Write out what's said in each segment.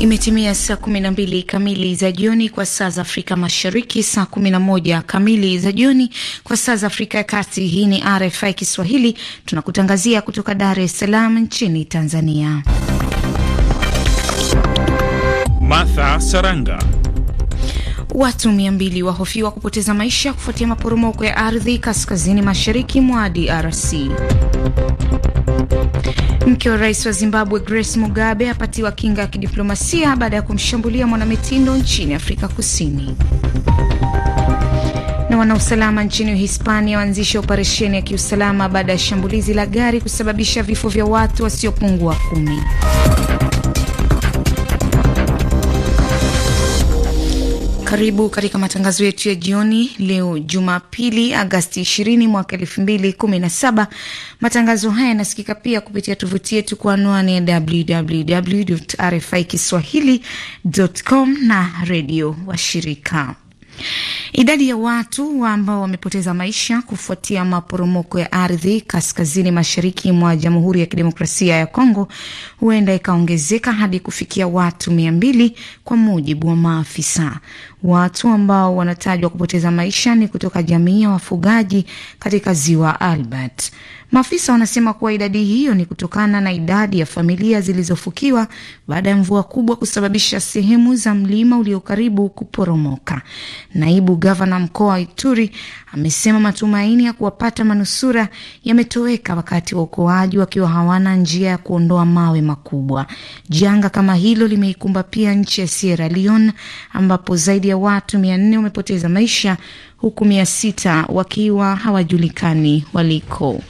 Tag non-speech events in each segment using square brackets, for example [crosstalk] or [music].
Imetimia saa 12 kamili za jioni kwa saa za Afrika Mashariki, saa 11 kamili za jioni kwa saa za Afrika ya Kati. Hii ni RFI Kiswahili, tunakutangazia kutoka Dar es Salaam nchini Tanzania. Martha Saranga. Watu mia wahofiwa kupoteza maisha kufuatia maporomoko ya ardhi kaskazini mashariki mwa DRC. Mke wa rais wa Zimbabwe Grace Mugabe apatiwa kinga ya kidiplomasia baada ya kumshambulia mwanamitindo nchini Afrika Kusini. Na wanausalama nchini Uhispania waanzisha operesheni ya kiusalama baada ya shambulizi la gari kusababisha vifo vya watu wasiopungua wa kumi. Karibu katika matangazo yetu ya jioni leo Jumapili, Agasti 20 mwaka 2017. Matangazo haya yanasikika pia kupitia tovuti yetu kwa anwani ya www RFI kiswahilicom na redio washirika. Idadi ya watu ambao wamepoteza maisha kufuatia maporomoko ya ardhi kaskazini mashariki mwa Jamhuri ya Kidemokrasia ya Kongo huenda ikaongezeka hadi kufikia watu mia mbili kwa mujibu wa maafisa. Watu ambao wanatajwa kupoteza maisha ni kutoka jamii ya wafugaji katika ziwa Albert. Maafisa wanasema kuwa idadi hiyo ni kutokana na idadi ya familia zilizofukiwa baada ya mvua kubwa kusababisha sehemu za mlima ulio karibu kuporomoka. Naibu gavana mkoa wa Ituri amesema matumaini ya kuwapata manusura yametoweka wakati wa ukoaji wakiwa hawana njia ya kuondoa mawe makubwa. Janga kama hilo limeikumba pia nchi ya Sierra Leone ambapo zaidi zaidi ya watu mia nne wamepoteza maisha huku mia sita wakiwa hawajulikani waliko.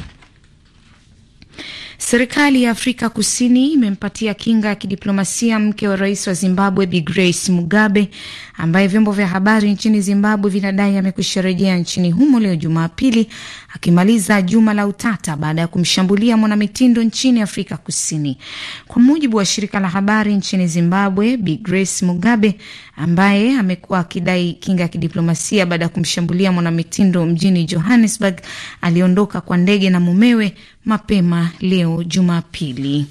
Serikali ya Afrika Kusini imempatia kinga ya kidiplomasia mke wa rais wa Zimbabwe Bi Grace Mugabe ambaye vyombo vya habari nchini Zimbabwe vinadai amekwisha rejea nchini humo leo Jumapili akimaliza juma la utata baada ya kumshambulia mwanamitindo nchini Afrika Kusini. Kwa mujibu wa shirika la habari nchini Zimbabwe, Bi Grace Mugabe ambaye amekuwa akidai kinga ya kidiplomasia baada ya kumshambulia mwanamitindo mjini Johannesburg aliondoka kwa ndege na mumewe mapema leo Jumapili.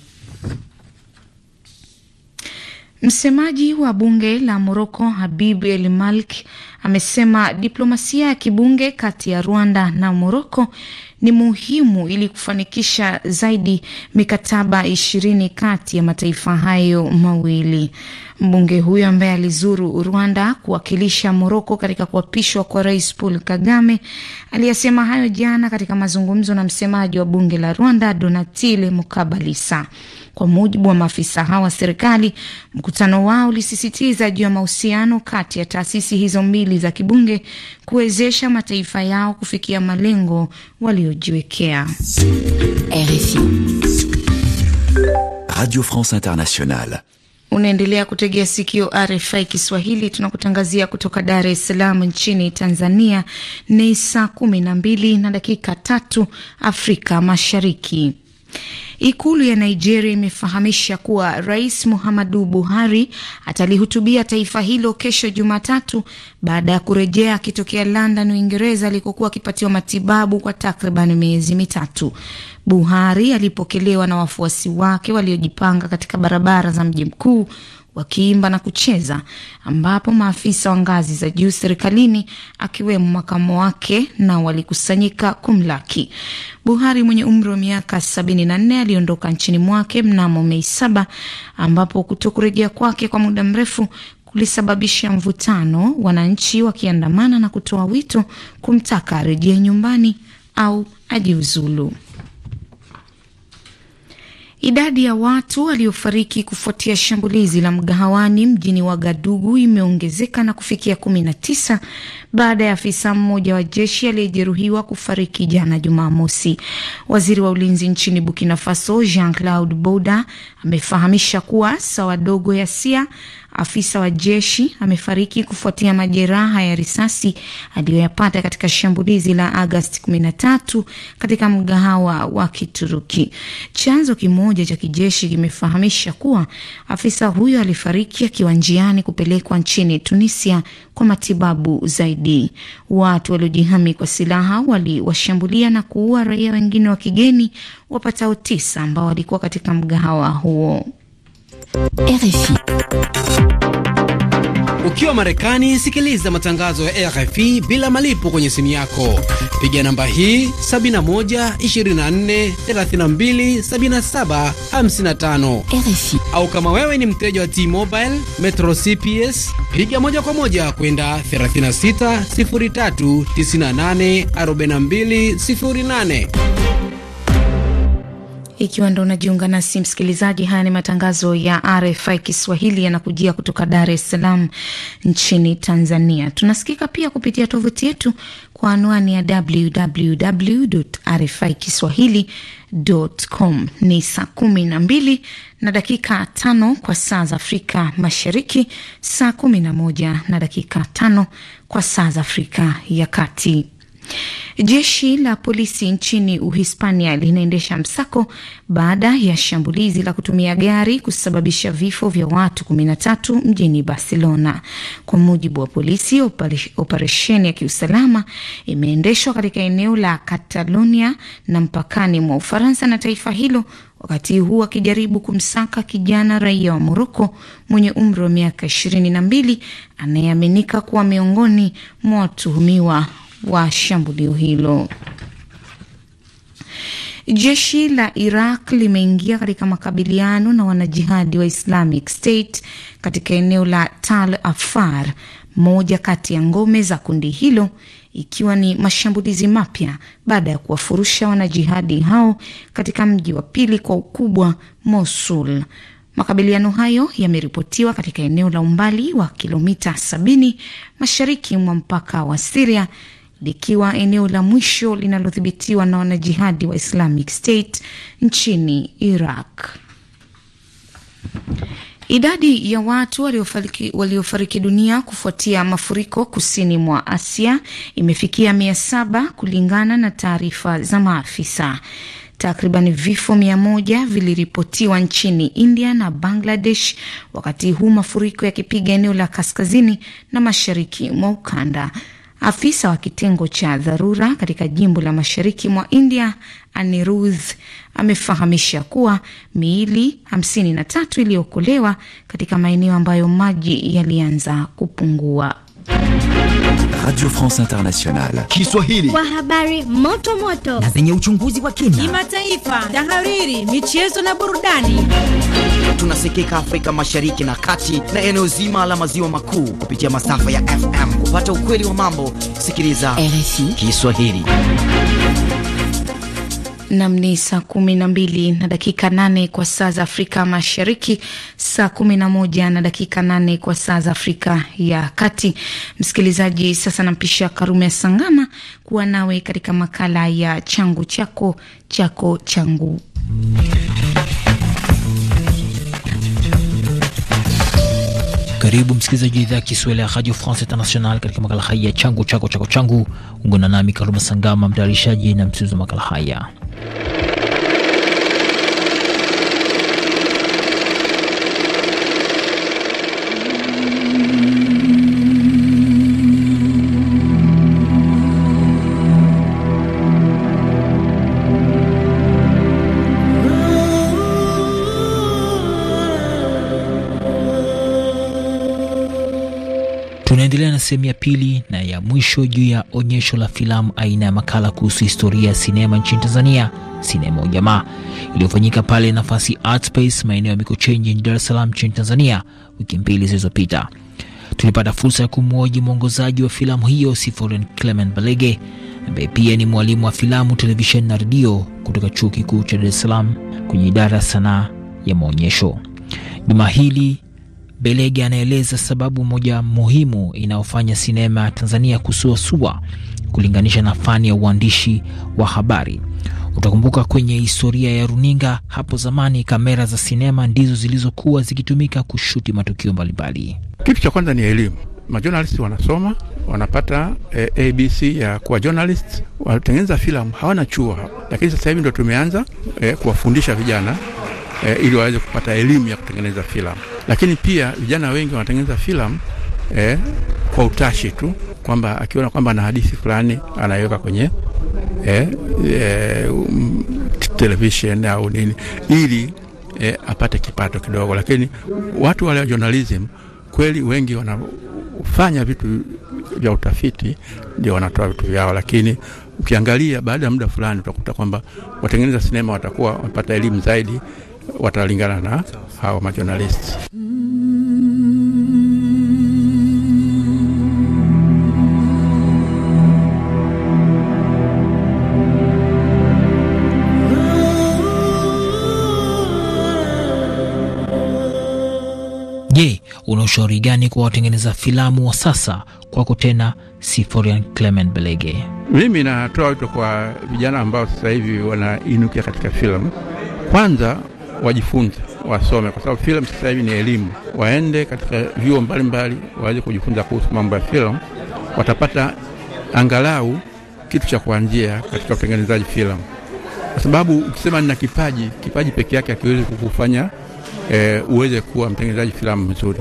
Msemaji wa bunge la Moroko Habib El Malk amesema diplomasia ya kibunge kati ya Rwanda na Moroko ni muhimu ili kufanikisha zaidi mikataba ishirini kati ya mataifa hayo mawili. Mbunge huyo ambaye alizuru Rwanda kuwakilisha Moroko katika kuapishwa kwa Rais Paul Kagame aliyesema hayo jana katika mazungumzo na msemaji wa bunge la Rwanda Donatile Mukabalisa. Kwa mujibu wa maafisa hao wa serikali, mkutano wao ulisisitiza juu ya mahusiano kati ya taasisi hizo mbili za kibunge kuwezesha mataifa yao kufikia malengo waliojiwekea. Radio France Internationale. Unaendelea kutegea sikio RFI Kiswahili, tunakutangazia kutoka Dar es Salaam nchini Tanzania. Ni saa kumi na mbili na dakika tatu Afrika Mashariki. Ikulu ya Nigeria imefahamisha kuwa Rais Muhammadu Buhari atalihutubia taifa hilo kesho Jumatatu baada ya kurejea akitokea London, Uingereza, alikokuwa akipatiwa matibabu kwa takriban miezi mitatu. Buhari alipokelewa na wafuasi wake waliojipanga katika barabara za mji mkuu wakiimba na kucheza, ambapo maafisa wa ngazi za juu serikalini akiwemo makamo wake na walikusanyika kumlaki Buhari. Mwenye umri wa miaka 74 aliondoka nchini mwake mnamo Mei saba, ambapo kutokurejea kwake kwa muda mrefu kulisababisha mvutano, wananchi wakiandamana na kutoa wito kumtaka arejee nyumbani au ajiuzulu. Idadi ya watu waliofariki kufuatia shambulizi la mgahawani mjini Wagadugu imeongezeka na kufikia kumi na tisa baada ya afisa mmoja wa jeshi aliyejeruhiwa kufariki jana Jumamosi. Waziri wa ulinzi nchini Burkina Faso Jean Claude Bouda amefahamisha kuwa sawa dogo ya sia Afisa wa jeshi amefariki kufuatia majeraha ya risasi aliyoyapata katika shambulizi la Agasti 13 katika mgahawa wa Kituruki. Chanzo kimoja cha kijeshi kimefahamisha kuwa afisa huyo alifariki akiwa njiani kupelekwa nchini Tunisia kwa matibabu zaidi. Watu waliojihami kwa silaha waliwashambulia na kuua raia wengine wa kigeni wapatao tisa ambao walikuwa katika mgahawa huo. RFI. Ukiwa Marekani, sikiliza matangazo ya RFI bila malipo kwenye simu yako. Piga namba hii 71 24 32 77 55 RFI. Au kama wewe ni mteja wa T-Mobile Metro CPS, piga moja kwa moja kwenda 36 03 98 42 08. Ikiwa ndo unajiunga nasi msikilizaji, haya ni matangazo ya RFI Kiswahili yanakujia kutoka Dar es Salaam nchini Tanzania. Tunasikika pia kupitia tovuti yetu kwa anwani ya www RFI kiswahilicom. Ni saa kumi na mbili na dakika tano kwa saa za Afrika Mashariki, saa kumi na moja na dakika tano kwa saa za Afrika ya Kati. Jeshi la polisi nchini Uhispania linaendesha msako baada ya shambulizi la kutumia gari kusababisha vifo vya watu 13 mjini Barcelona. Kwa mujibu wa polisi, operesheni ya kiusalama imeendeshwa katika eneo la Catalonia na mpakani mwa Ufaransa na taifa hilo, wakati huu akijaribu kumsaka kijana raia wa Moroko mwenye umri wa miaka mbili anayeaminika kuwa miongoni mwa watuhumiwa wa shambulio hilo. Jeshi la Iraq limeingia katika makabiliano na wanajihadi wa Islamic State katika eneo la Tal Afar, moja kati ya ngome za kundi hilo, ikiwa ni mashambulizi mapya baada ya kuwafurusha wanajihadi hao katika mji wa pili kwa ukubwa Mosul. Makabiliano hayo yameripotiwa katika eneo la umbali wa kilomita 70 mashariki mwa mpaka wa Siria likiwa eneo la mwisho linalodhibitiwa na wanajihadi wa Islamic State nchini Iraq. Idadi ya watu waliofariki, waliofariki dunia kufuatia mafuriko kusini mwa Asia imefikia mia saba kulingana na taarifa za maafisa. Takriban vifo mia moja viliripotiwa nchini India na Bangladesh, wakati huu mafuriko yakipiga eneo la kaskazini na mashariki mwa ukanda. Afisa wa kitengo cha dharura katika jimbo la mashariki mwa India, Anirudh, amefahamisha kuwa miili 53 iliyookolewa katika maeneo ambayo maji yalianza kupungua. Radio France Internationale Kiswahili, kwa habari moto moto na zenye uchunguzi wa kina, kimataifa, tahariri, michezo na burudani tunasikika Afrika Mashariki na Kati na eneo zima la maziwa makuu kupitia masafa ya FM. Kupata ukweli wa mambo, sikiliza RFI Kiswahili. Nam ni saa kumi na mbili na dakika nane kwa saa za Afrika Mashariki, saa kumi na moja na dakika nane kwa saa za Afrika ya Kati. Msikilizaji, sasa nampisha Karume ya Sangama kuwa nawe katika makala ya changu chako chako changu Karibu msikilizaji idhaa ya Kiswahili ya Radio France International katika makala haya changu chako chako changu, Ungana nami Karuma Sangama, mtayarishaji na msimulizi wa makala haya. sehemu ya pili na ya mwisho juu ya onyesho la filamu aina ya makala kuhusu historia ya sinema nchini Tanzania, Sinema Ujamaa, iliyofanyika pale Nafasi Art Space maeneo ya Mikocheni jijini Dar es Salaam nchini Tanzania wiki mbili zilizopita. Tulipata fursa ya kumwoji mwongozaji wa filamu hiyo Siforian Clement Balege ambaye pia ni mwalimu wa filamu, televisheni na redio kutoka Chuo Kikuu cha Dar es Salaam kwenye idara ya sanaa ya maonyesho. Juma hili Belege anaeleza sababu moja muhimu inayofanya sinema ya Tanzania kusuasua kulinganisha na fani ya uandishi wa habari. Utakumbuka kwenye historia ya runinga, hapo zamani kamera za sinema ndizo zilizokuwa zikitumika kushuti matukio mbalimbali. Kitu cha kwanza ni elimu. Majournalist wanasoma wanapata eh, abc ya kuwa journalist, wanatengeneza filamu, hawana chuo, lakini sasa hivi ndo tumeanza eh, kuwafundisha vijana e, ili waweze kupata elimu ya kutengeneza filamu. Lakini pia vijana wengi wanatengeneza filamu e, kwa utashi tu kwamba akiona kwamba ana hadithi fulani anaiweka kwenye e, e, um, television au nini ili e, apate kipato kidogo. Lakini watu wale wa journalism kweli wengi wanafanya vitu vya utafiti ndio wanatoa vitu vyao, lakini ukiangalia baada ya muda fulani utakuta kwamba watengeneza sinema watakuwa wamepata elimu zaidi watalingana na hawa majonalisti. Je, una ushauri gani kwa watengeneza filamu wa sasa? Kwako tena Siforian Clement Belege. Mimi natoa wito kwa vijana ambao sasa hivi wanainukia katika filamu, kwanza wajifunze, wasome, kwa sababu filamu sasa hivi ni elimu. Waende katika vyuo mbalimbali waweze kujifunza kuhusu mambo ya filamu, watapata angalau kitu cha kuanzia katika utengenezaji filamu, kwa sababu ukisema nina kipaji, kipaji peke yake hakiwezi kukufanya e, uweze kuwa mtengenezaji filamu mzuri.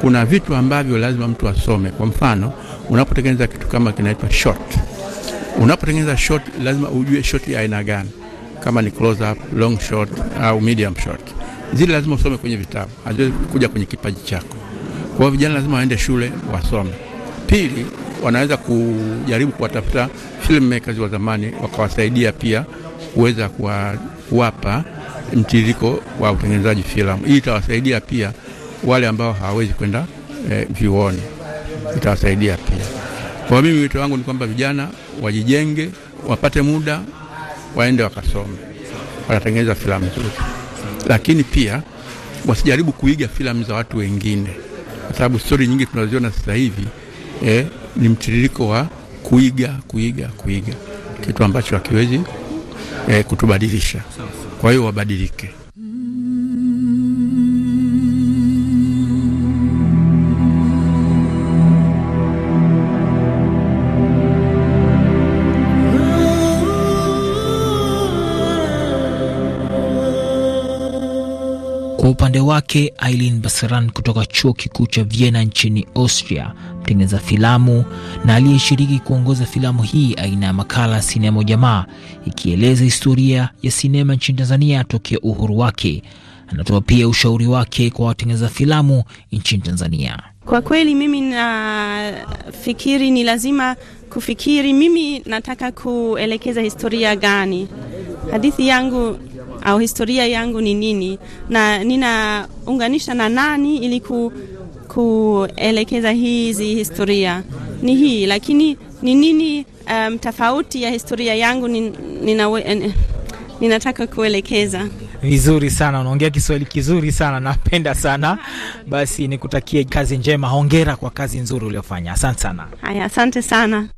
Kuna vitu ambavyo lazima mtu asome. Kwa mfano, unapotengeneza kitu kama kinaitwa shot, unapotengeneza shot lazima ujue shot ya aina gani kama ni close up, long shot au medium shot, zile lazima usome kwenye vitabu, haziwezi kuja kwenye kipaji chako. Kwa hiyo vijana lazima waende shule wasome. Pili, wanaweza kujaribu kuwatafuta filmmakers wa zamani wakawasaidia pia kuweza kuwapa mtiririko wa utengenezaji filamu. Hii itawasaidia pia wale ambao hawawezi kwenda eh, vioni, itawasaidia pia. Kwa mimi wito wangu ni kwamba vijana wajijenge, wapate muda waende wakasome wakatengeneza filamu nzuri, lakini pia wasijaribu kuiga filamu za watu wengine, kwa sababu stori nyingi tunaziona sasa hivi eh, ni mtiririko wa kuiga kuiga kuiga, kitu ambacho hakiwezi eh, kutubadilisha. Kwa hiyo wabadilike. upande wake, Aileen Basaran kutoka chuo kikuu cha Vienna nchini Austria, mtengeneza filamu na aliyeshiriki kuongoza filamu hii aina ya makala Sinema Jamaa, ikieleza historia ya sinema nchini Tanzania tokea uhuru wake. Anatoa pia ushauri wake kwa watengeneza filamu nchini Tanzania. Kwa kweli mimi nafikiri ni lazima kufikiri, mimi nataka kuelekeza historia gani hadithi yangu au historia yangu ni nini na ninaunganisha na nani ili ku, kuelekeza hizi historia ni hii, lakini ni nini um, tofauti ya historia yangu ni, nina, ninataka kuelekeza vizuri sana. Unaongea Kiswahili kizuri sana, napenda sana. Basi nikutakie kazi njema, hongera kwa kazi nzuri uliofanya. Asante sana. Haya, asante sana.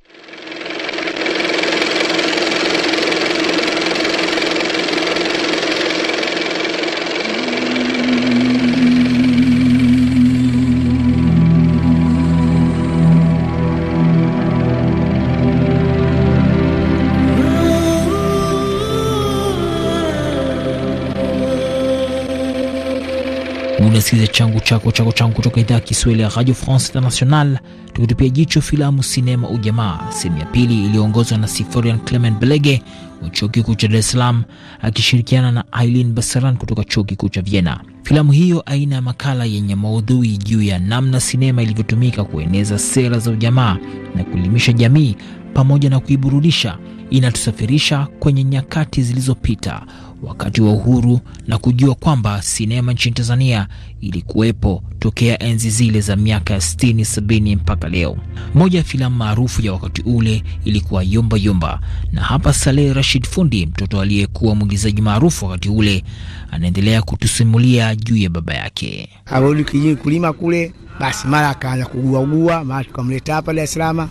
Unasikiza changu chako chako changu kutoka idhaa ya Kiswahili ya Radio France International, tukitupia jicho filamu sinema Ujamaa sehemu ya pili iliyoongozwa na Siforian Clement Belege wa chuo kikuu cha dares Salaam akishirikiana na ailin Basaran kutoka chuo kikuu cha Vienna. Filamu hiyo aina ya makala yenye maudhui juu ya namna sinema ilivyotumika kueneza sera za ujamaa na kuelimisha jamii pamoja na kuiburudisha, inatusafirisha kwenye nyakati zilizopita, wakati wa uhuru na kujua kwamba sinema nchini Tanzania ilikuwepo tokea enzi zile za miaka ya 60 70 mpaka leo. Moja ya filamu maarufu ya wakati ule ilikuwa Yumba Yumba, na hapa Saleh Rashid Fundi, mtoto aliyekuwa mwigizaji maarufu wakati ule, anaendelea kutusimulia juu ya baba yake. Arudi kijini kulima kule, basi mara akaanza kuguagua, mara tukamleta hapa Dar es Salaam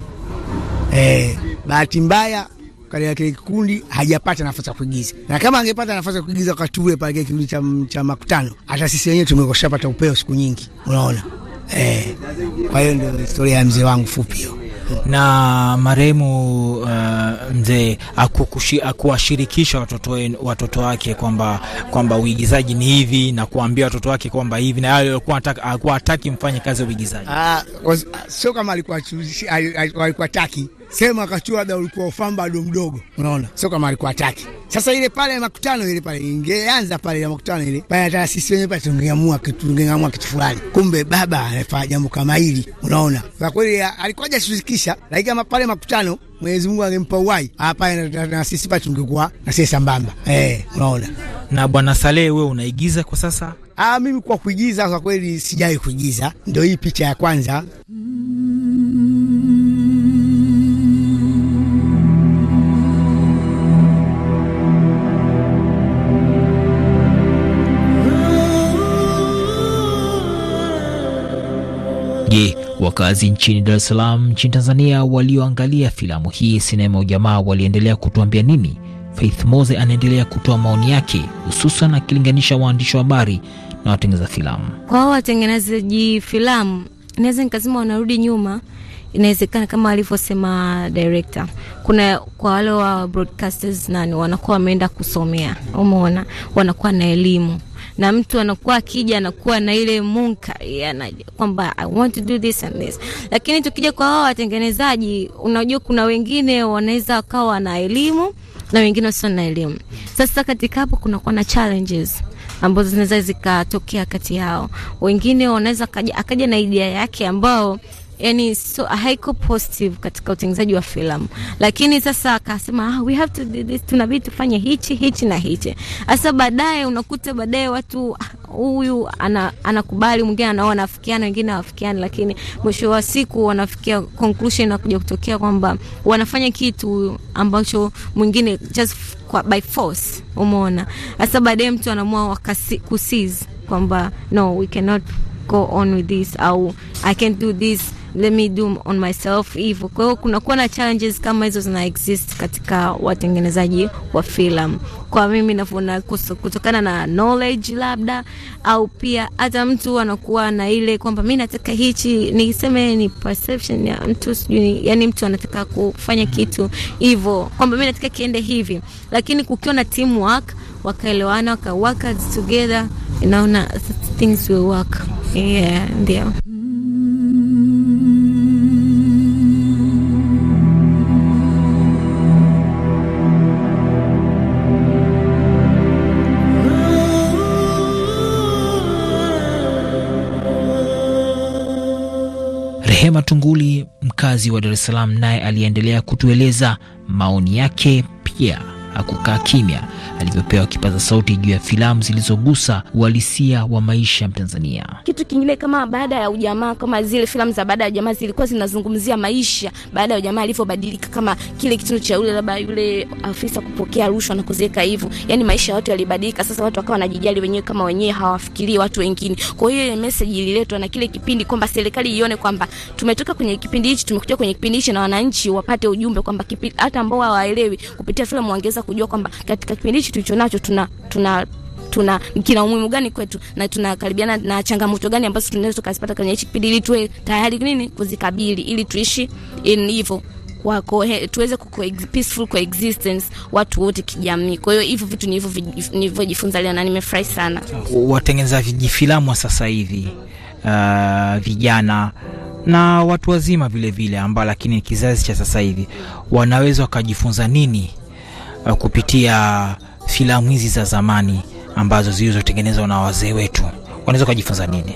Eh, bahati mbaya katika kile kikundi hajapata nafasi ya kuigiza, na kama angepata nafasi ya kuigiza wakati ule pale kikundi cha, cha makutano, hata sisi wenyewe tumekoshapata upeo siku nyingi, unaona eh. Kwa hiyo ndio historia ya mzee wangu fupi hiyo na marehemu uh, mzee akuwashirikisha watoto watoto wake kwamba kwamba uigizaji ni hivi na kuambia watoto wake kwamba hivi na yale alikuwa hataki mfanye kazi ya uigizaji. Ah, sio kama alikuwa alikuwa taki sema kachuada ulikuwa ufamba ado mdogo, unaona, sio kama alikuwa ataki. Sasa ile pale makutano ile pale ingeanza pale ya makutano ile pale, hata sisi wenyewe pale tungeamua kitu, tungeamua kitu fulani, kumbe baba anafanya jambo kama hili, unaona. Kwa kweli alikuwa hajashirikisha, lakini kama pale makutano Mwenyezi Mungu angempa uhai hapa, ah, na sisi pa tungekuwa na sisi sambamba, eh, unaona. Na bwana Saleh, wewe unaigiza kwa sasa? Ah, mimi kwa kuigiza kwa kweli sijai kuigiza, ndio hii picha ya kwanza mm. Je, wakazi nchini Dar es Salaam nchini Tanzania walioangalia filamu hii sinema Ujamaa waliendelea kutuambia nini? Faith Moze anaendelea kutoa maoni yake, hususan akilinganisha waandishi wa habari na watengeneza filamu. Kwa hao watengenezaji filamu, naweza nikasema wanarudi nyuma. Inawezekana kama alivyosema director, kuna kwa wale wa broadcasters nani wanakuwa wameenda kusomea, umeona, wanakuwa na elimu na mtu anakuwa akija anakuwa na ile munka kwamba I want to do this and this. Lakini tukija kwa hao watengenezaji, unajua kuna wengine wanaweza wakawa na elimu na wengine wasio na elimu. Sasa katika hapo kunakuwa na challenges ambazo zinaweza zikatokea kati yao. Wengine wanaweza akaja na idea yake ambao yani so, haiko positive katika utengenezaji wa filamu, lakini sasa akasema ah, we have to do this, tunabidi tufanye hichi hichi na hichi. Sasa baadaye unakuta baadaye watu ah, huyu ana, anakubali mwingine anaona anafikiana, wengine hawafikiani, lakini mwisho wa siku wanafikia conclusion na kuja kutokea kwamba wanafanya kitu ambacho mwingine just kwa, by force. Umeona, sasa baadaye mtu anaamua kusiz kwamba no we cannot go on with this au I can't do this let me do on myself hivyo. Kwa hiyo kunakuwa na challenges kama hizo zina exist katika watengenezaji wa filamu, kwa mimi navyoona, kutokana na knowledge labda, au pia hata mtu anakuwa na ile kwamba mi nataka hichi, niseme ni perception ya mtu sijui, yani mtu anataka kufanya kitu hivyo kwamba mi nataka kiende hivi, lakini kukiwa na teamwork, wakaelewana, waka work together, inaona things will work. Yeah, ndio. Matunguli, mkazi wa Dar es Salaam, naye aliendelea kutueleza maoni yake pia hakukaa kimya alivyopewa kipaza sauti juu ya filamu zilizogusa uhalisia wa maisha ya Mtanzania. Kitu kingine kama baada ya ujamaa, kama zile filamu za baada ya ujamaa zilikuwa zinazungumzia maisha baada ya ujamaa alivyobadilika, kama kile kitendo cha yule labda yule afisa kupokea rushwa na kuziweka hivyo, yani maisha ya watu yalibadilika. Sasa watu wakawa wanajijali wenyewe kama wenyewe, hawafikirii watu wengine. Kwa hiyo ile message ililetwa na kile kipindi kwamba serikali ione kwamba tumetoka kwenye kipindi hichi tumekuja kwenye kipindi hichi, na wananchi wapate ujumbe kwamba hata ambao hawaelewi kupitia filamu wangeweza kujua kwamba katika kipindi hichi tulichonacho tuna tuna tuna kina umuhimu gani kwetu na tunakaribiana na changamoto gani ambazo tunaweza tukazipata kwenye hichi kipindi, ili tuwe tayari nini kuzikabili, ili tuishi in hivyo kwa tuweze ku peaceful coexistence watu wote kijamii. Kwa hiyo hivyo vitu ni hivyo nilivyojifunza leo na nimefurahi sana. Watengeneza vijifilamu sasa hivi uh, vijana na watu wazima vile vile ambao lakini kizazi cha sasa hivi wanaweza wakajifunza nini kupitia filamu hizi za zamani ambazo zilizotengenezwa na wazee wetu unaweza kujifunza nini?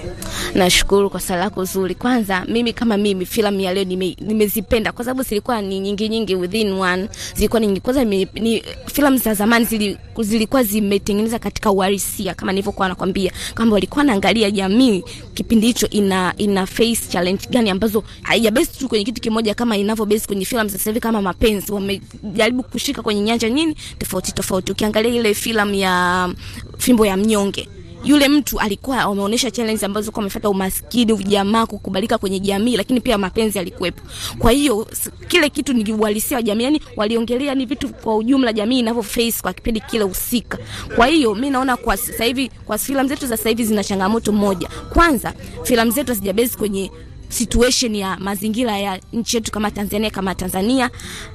Nashukuru kwa swali lako zuri. Kwanza mimi kama mimi filamu ya leo nimezipenda nime, kwa sababu zilikuwa ni nyingi nyingi within one. Zilikuwa ni nyingi. kwanza ni, filamu za zamani zili, zilikuwa zimetengeneza katika uhalisia kama nilivyokuwa nakwambia kwamba walikuwa naangalia jamii kipindi hicho ina ina face challenge gani ambazo haijabase tu kwenye kitu kimoja kama inavyobase kwenye filamu za sasa hivi kama mapenzi wamejaribu kushika kwenye nyanja nyingi tofauti tofauti. Ukiangalia ile filamu ya fimbo ya mnyonge yule mtu alikuwa ameonyesha challenge ambazo kwa amefuata umaskini, ujamaa, kukubalika kwenye jamii, lakini pia mapenzi alikuwepo. Kwa hiyo kile kitu ni uhalisia wa jamii, yani waliongelea ni vitu kwa ujumla jamii inavyo face kwa kipindi kile husika. Kwa hiyo mi naona kwa sasa hivi, kwa filamu zetu za sasa hivi zina changamoto moja. Kwanza filamu zetu hazijabezi kwenye situation ya mazingira ya nchi yetu kama Tanzania, kama Tanzania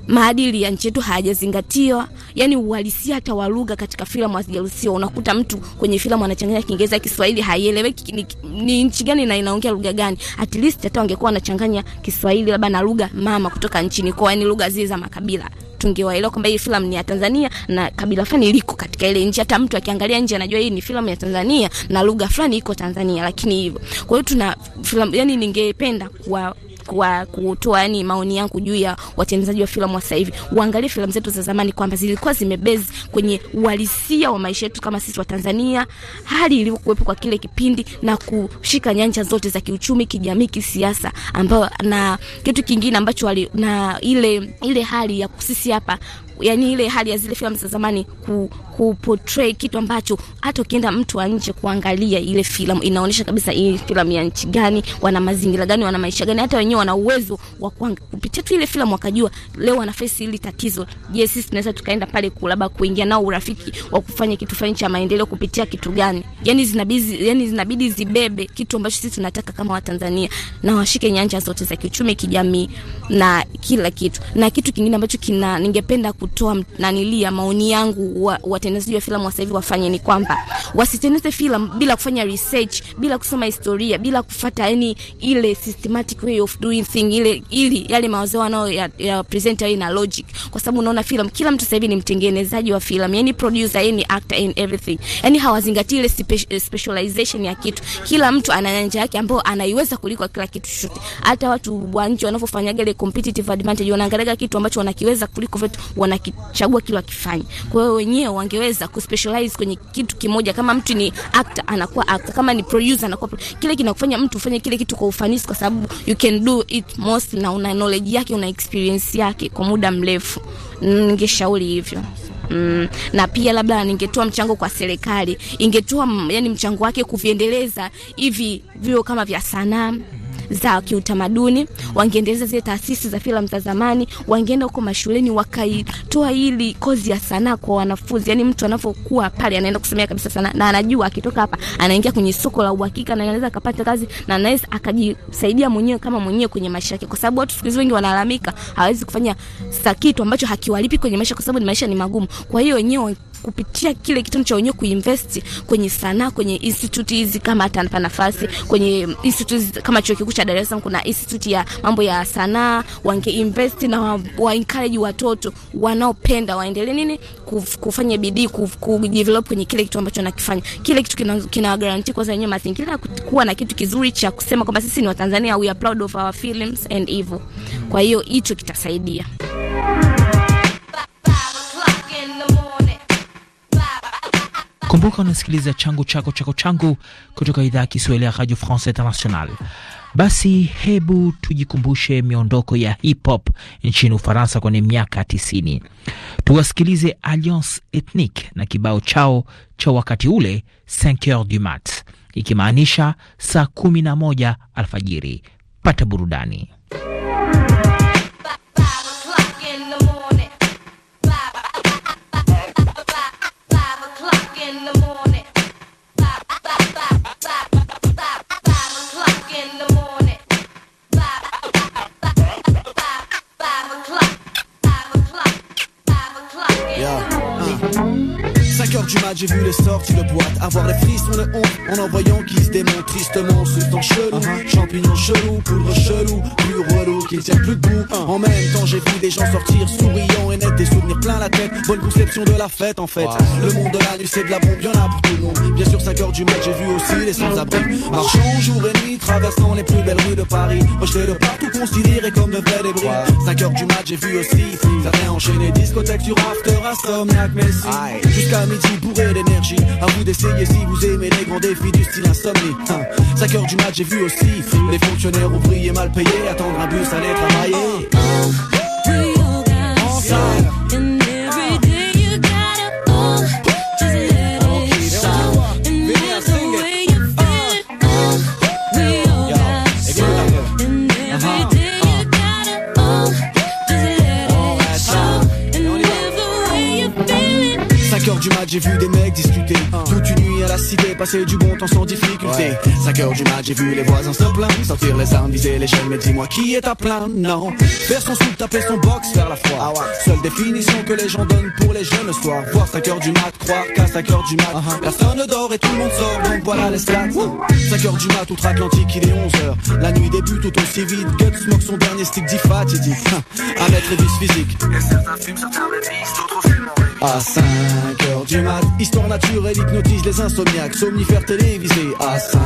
maadili ya nchi yetu hayajazingatiwa, yani uhalisia hata wa lugha katika filamu hazijaruhusiwa. Unakuta mtu kwenye filamu anachanganya Kiingereza, Kiswahili, haieleweki ni, ni nchi gani na inaongea lugha gani. At least hata wangekuwa wanachanganya Kiswahili labda na lugha mama kutoka nchini kwao, yani lugha zile za makabila tungewaelewa kwamba hii filamu ni ya Tanzania na kabila fulani liko katika ile nchi. Hata mtu akiangalia nje anajua hii ni filamu ya Tanzania na lugha fulani iko Tanzania, lakini hivyo. Kwa hiyo tuna filamu, yani ningependa kuwa kwa kutoa yani maoni yangu juu ya watengenezaji wa filamu sasa hivi. Uangalie filamu zetu za zamani kwamba zilikuwa zimebezi kwenye uhalisia wa maisha yetu kama sisi wa Tanzania, hali ilivyokuwepo kwa kile kipindi na kushika nyanja zote za kiuchumi, kijamii, kisiasa ambao na kitu kingine ambacho wali, na ile ile hali ya sisi hapa yani ile hali ya zile filamu za zamani ku, ku portray kitu ambacho hata ukienda mtu wa nje kuangalia ile filamu inaonyesha kabisa hii filamu ya nchi gani, wana mazingira gani, wana maisha gani, hata wenyewe wana uwezo wa kupitia tu ile filamu wakajua leo wana face hili tatizo. Je, yes, sisi tunaweza tukaenda pale kulaba kuingia nao urafiki wa kufanya kitu fulani cha maendeleo kupitia kitu gani? yani zinabidi, yani zinabidi zibebe kitu ambacho sisi tunataka kama Watanzania na washike nyanja zote za kiuchumi, kijamii na kila kitu. Na kitu kingine ambacho kina ningependa kutoa nanilia maoni yangu wa, wa, wa filamu sasa hivi wafanye ni kwamba wasitengeneze filamu bila kufanya research, bila kusoma historia, bila kufata yani ile systematic way of doing thing ile ili yale mawazo wanao ya, ya present yao na logic, kwa sababu unaona filamu kila mtu sasa hivi ni mtengenezaji wa filamu, yani producer, yani actor and yaani everything, yani hawazingatii ile Eh, specialization ya kitu. Kila mtu ana nyanja yake ambayo anaiweza kuliko kila kitu chochote. Hata watu wa nje wanapofanya ile competitive advantage, wanaangalia kitu ambacho wanakiweza kuliko vitu wanakichagua kile wakifanya. Kwa hiyo wenyewe wangeweza ku specialize kwenye kitu kimoja. Kama mtu ni actor anakuwa actor, kama ni producer anakuwa kile kinakufanya mtu ufanye kile kitu kwa ufanisi, kwa sababu you can do it most, na una knowledge yake, una experience yake kwa muda mrefu. Ningeshauri hivyo. Mm, na pia labda ningetoa mchango kwa serikali, ingetoa yani mchango wake kuviendeleza hivi vio kama vya sanaa za kiutamaduni, wangeendeleza zile taasisi za filamu za zamani, wangeenda huko mashuleni wakaitoa ili kozi ya sanaa kwa wanafunzi. Yani mtu anapokuwa pale anaenda kusomea kabisa sana na anajua akitoka hapa anaingia kwenye soko la uhakika na anaweza akapata kazi na anaweza akajisaidia mwenyewe kama mwenyewe kwenye maisha yake, kwa sababu watu siku hizi wengi wanalalamika hawezi kufanya sakitu ambacho hakiwalipi kwenye maisha, kwa sababu maisha ni magumu. Kwa hiyo wenyewe kupitia kile kitendo cha wenyewe kuinvest kwenye sanaa, kwenye institute hizi, kama atanipa nafasi kwenye institute kama chuo kikuu cha Dar es Salaam, kuna institute ya mambo ya sanaa, wange invest na wa, wa encourage watoto wanaopenda waendelee nini kuf, kufanya bidii kujidevelop kwenye kile kitu ambacho anakifanya. Kile kitu kina, kina guarantee kwanza wenyewe mazingira kuwa na kitu kizuri cha kusema kwamba sisi ni Watanzania, we are proud of our films and evil. Kwa hiyo hicho kitasaidia. Kumbuka unasikiliza changu chako chako changu kutoka idhaa ya Kiswahili ya Radio France International. Basi hebu tujikumbushe miondoko ya hip hop nchini Ufaransa kwenye miaka 90. Tuwasikilize Alliance Ethnique na kibao chao cha wakati ule 5 h du mat, ikimaanisha saa 11 alfajiri. Pata burudani. du match, j'ai vu les sorties de boîte. Avoir les frissons, le honte, en en voyant qui se démontent tristement ce temps chelou. champignon uh-huh. Champignons chelou, poudre chelou, plus relou qu'ils ne plus debout. Uh-huh. En même temps, j'ai vu des gens sortir souriants et net des souvenirs plein la tête. Bonne conception de la fête en fait. Le monde de la nuit, c'est de la bombe, y'en a pour tout le monde. Bien sûr, 5 heures du match, j'ai vu aussi les sans-abri. Marchant jour et nuit, traversant les plus belles rues de Paris. rejetés de partout, considéré comme de vrais débris. Wow. 5 heures du match, j'ai vu aussi. Ça enchaîner discothèque sur After à Messi. Jusqu'à midi, pour l'énergie À vous d'essayer si vous aimez les grands défis du style insomnie. 5 heures du match, j'ai vu aussi les fonctionnaires ouvriers mal payés attendre un bus, aller travailler. En j'ai vu des mecs discuter ah. Toute une nuit à la cité, passer du bon temps sans difficulté 5 heures du mat, j'ai vu les voisins se plaindre Sortir les armes, viser les chaînes, mais dis-moi qui est à plein Non, faire son soupe, taper son box, faire la froid ah Seule définition que les gens donnent pour les jeunes le soir Voir 5 heures du mat, croire qu'à 5 heures du mat ah Personne ne dort et tout le monde sort, donc voilà les stats 5 heures du mat, outre-Atlantique, il est 11 h La nuit débute tout aussi vite, Guts son dernier stick dit fatidique À [laughs] mettre et vice physique Et certains fument, certains d'autres fument À 5 du mat. Histoire naturelle hypnotise les insomniaques. Somnifères télévisés à 5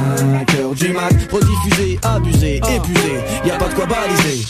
heures du mat. Rediffusé, abusé, épuisé. Y a pas de quoi baliser.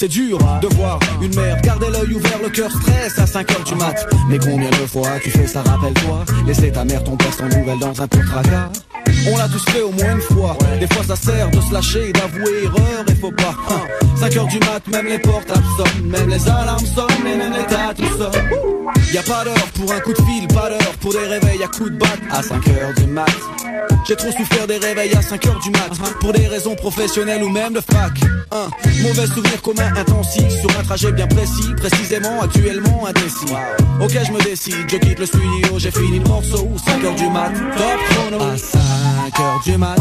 C'est dur de voir une mère garder l'œil ouvert, le cœur stress à 5 h du mat. Mais combien de fois tu fais ça, rappelle-toi. Laissez ta mère, ton père sans nouvelles dans un peu tracas. On l'a tous fait au moins une fois. Des fois ça sert de se lâcher, d'avouer erreur et faut pas. 5 hein. heures du mat, même les portes absonnent, même les alarmes sonnent, et même l'état tout ça. Y a pas d'heure pour un coup de fil, pas d'heure pour des réveils à coups de batte à 5 heures du mat. J'ai trop souffert des réveils à 5 heures du mat uh-huh. pour des raisons professionnelles ou même de frac mauvais souvenir commun intensif sur un trajet bien précis, précisément actuellement indécis. Ok, je me décide, je quitte le studio, j'ai fini le morceau. 5 h du mat, top À 5 h du mat.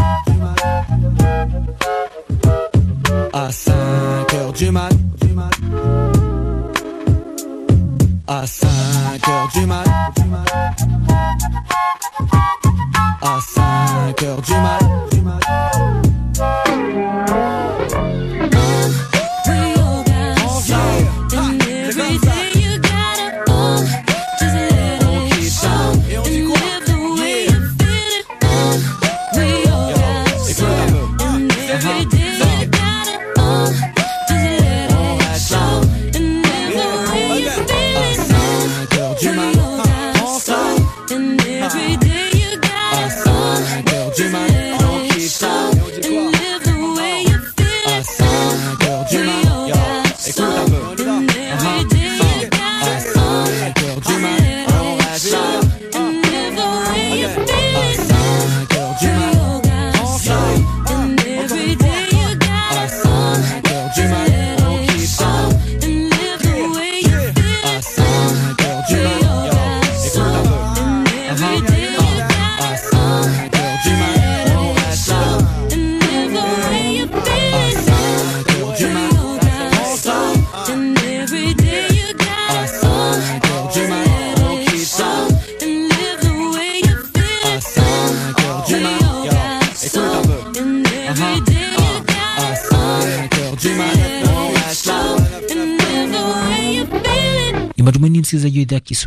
À 5 h du mat. À 5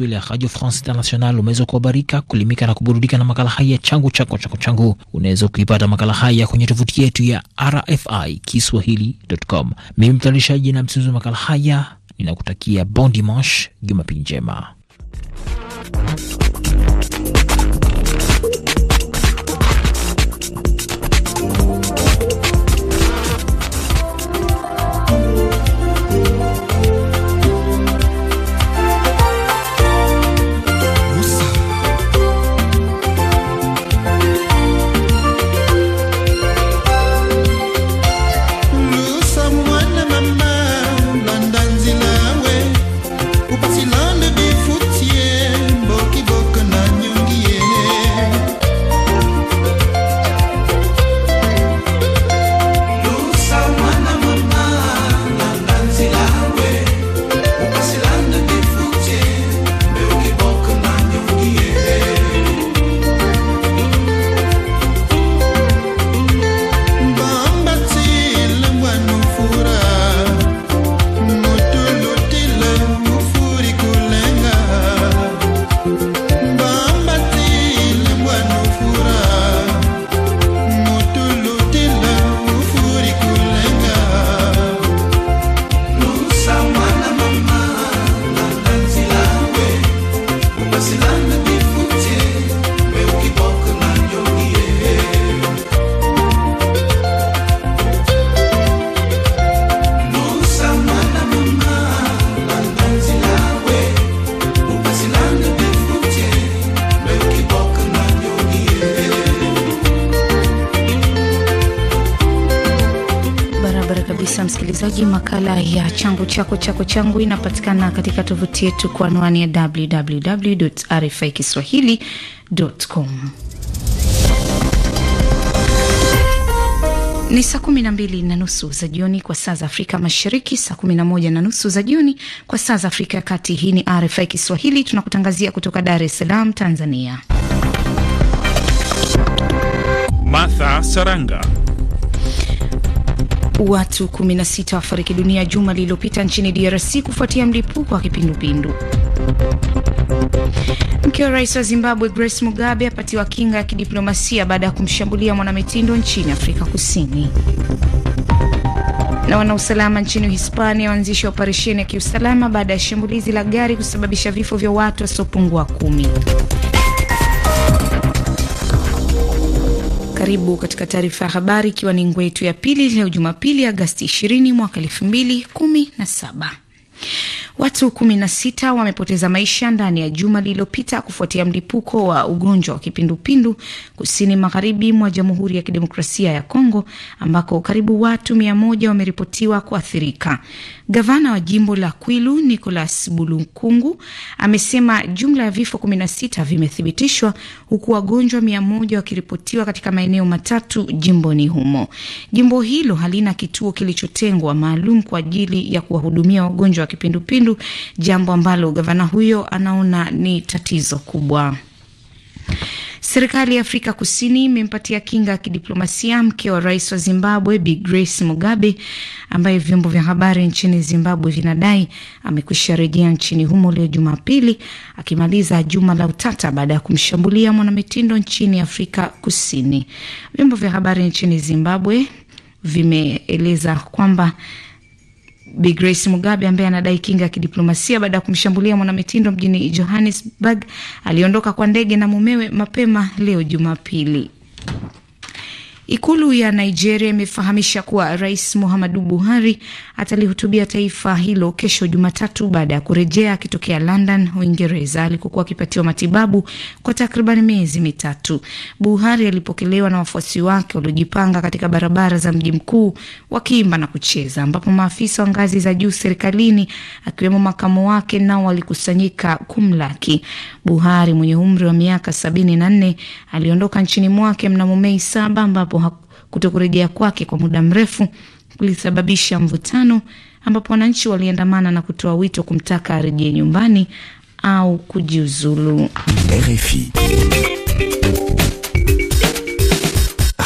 Kiswahili ya Radio France International umeweza kuhabarika, kulimika na kuburudika na makala haya changu chako chako changu. Unaweza kuipata makala haya kwenye tovuti yetu ya RFI Kiswahili.com. Mimi mtayarishaji na msimuzi wa makala haya ninakutakia bon dimanche, Jumapili njema. makala ya changu chako chako changu inapatikana katika tovuti yetu kwa anwani ya www RFI kiswahilicom. Ni saa kumi na mbili na nusu za jioni kwa saa za Afrika Mashariki, saa kumi na moja na nusu za jioni kwa saa za Afrika ya Kati. Hii ni RFI Kiswahili, tunakutangazia kutoka Dar es Salaam, Tanzania. Martha Saranga. Watu 16 wafariki dunia juma lililopita nchini DRC kufuatia mlipuko wa kipindupindu. Mke wa rais wa Zimbabwe Grace Mugabe apatiwa kinga ya kidiplomasia baada ya kumshambulia mwanamitindo nchini Afrika Kusini. Na wanausalama nchini Hispania waanzisha operesheni ya kiusalama baada ya shambulizi la gari kusababisha vifo vya watu wasiopungua kumi. Karibu katika taarifa ya habari, ikiwa ni nguo yetu ya pili leo Jumapili Agasti 20 mwaka 2017. Watu kumi na sita wamepoteza maisha ndani ya juma lililopita kufuatia mlipuko wa ugonjwa wa kipindupindu kusini magharibi mwa Jamhuri ya Kidemokrasia ya Kongo ambako karibu watu mia moja wameripotiwa kuathirika. Gavana wa jimbo la Kwilu nicolas Bulukungu amesema jumla ya vifo 16 vimethibitishwa huku wagonjwa moja wakiripotiwa katika maeneo matatu jimboni humo. Jimbo hilo halina kituo kilichotengwa maalum kwa ajili ya kuwahudumia wagonjwa wa kipindupindu, jambo ambalo gavana huyo anaona ni tatizo kubwa. Serikali ya Afrika Kusini imempatia kinga ya kidiplomasia mke wa rais wa Zimbabwe Bi Grace Mugabe, ambaye vyombo vya habari nchini Zimbabwe vinadai amekwisha rejea nchini humo leo Jumapili, akimaliza juma la utata baada ya kumshambulia mwanamitindo nchini Afrika Kusini. Vyombo vya habari nchini Zimbabwe vimeeleza kwamba Bi Grace Mugabe ambaye anadai kinga ya kidiplomasia baada ya kumshambulia mwanamitindo mjini Johannesburg aliondoka kwa ndege na mumewe mapema leo Jumapili. Ikulu ya Nigeria imefahamisha kuwa Rais Muhammadu Buhari atalihutubia taifa hilo kesho Jumatatu baada ya kurejea akitokea London, Uingereza, alikokuwa akipatiwa matibabu kwa takriban miezi mitatu. Buhari alipokelewa na wafuasi wake waliojipanga katika barabara za mji mkuu wakiimba na kucheza, ambapo maafisa wa ngazi za juu serikalini akiwemo makamu wake nao walikusanyika kumlaki Buhari. Mwenye umri wa miaka sabini na nne aliondoka nchini mwake mnamo Mei saba ambapo kutokurejea kwake kwa muda mrefu ulisababisha mvutano ambapo wananchi waliandamana na kutoa wito kumtaka arejee nyumbani au kujiuzulu. RFI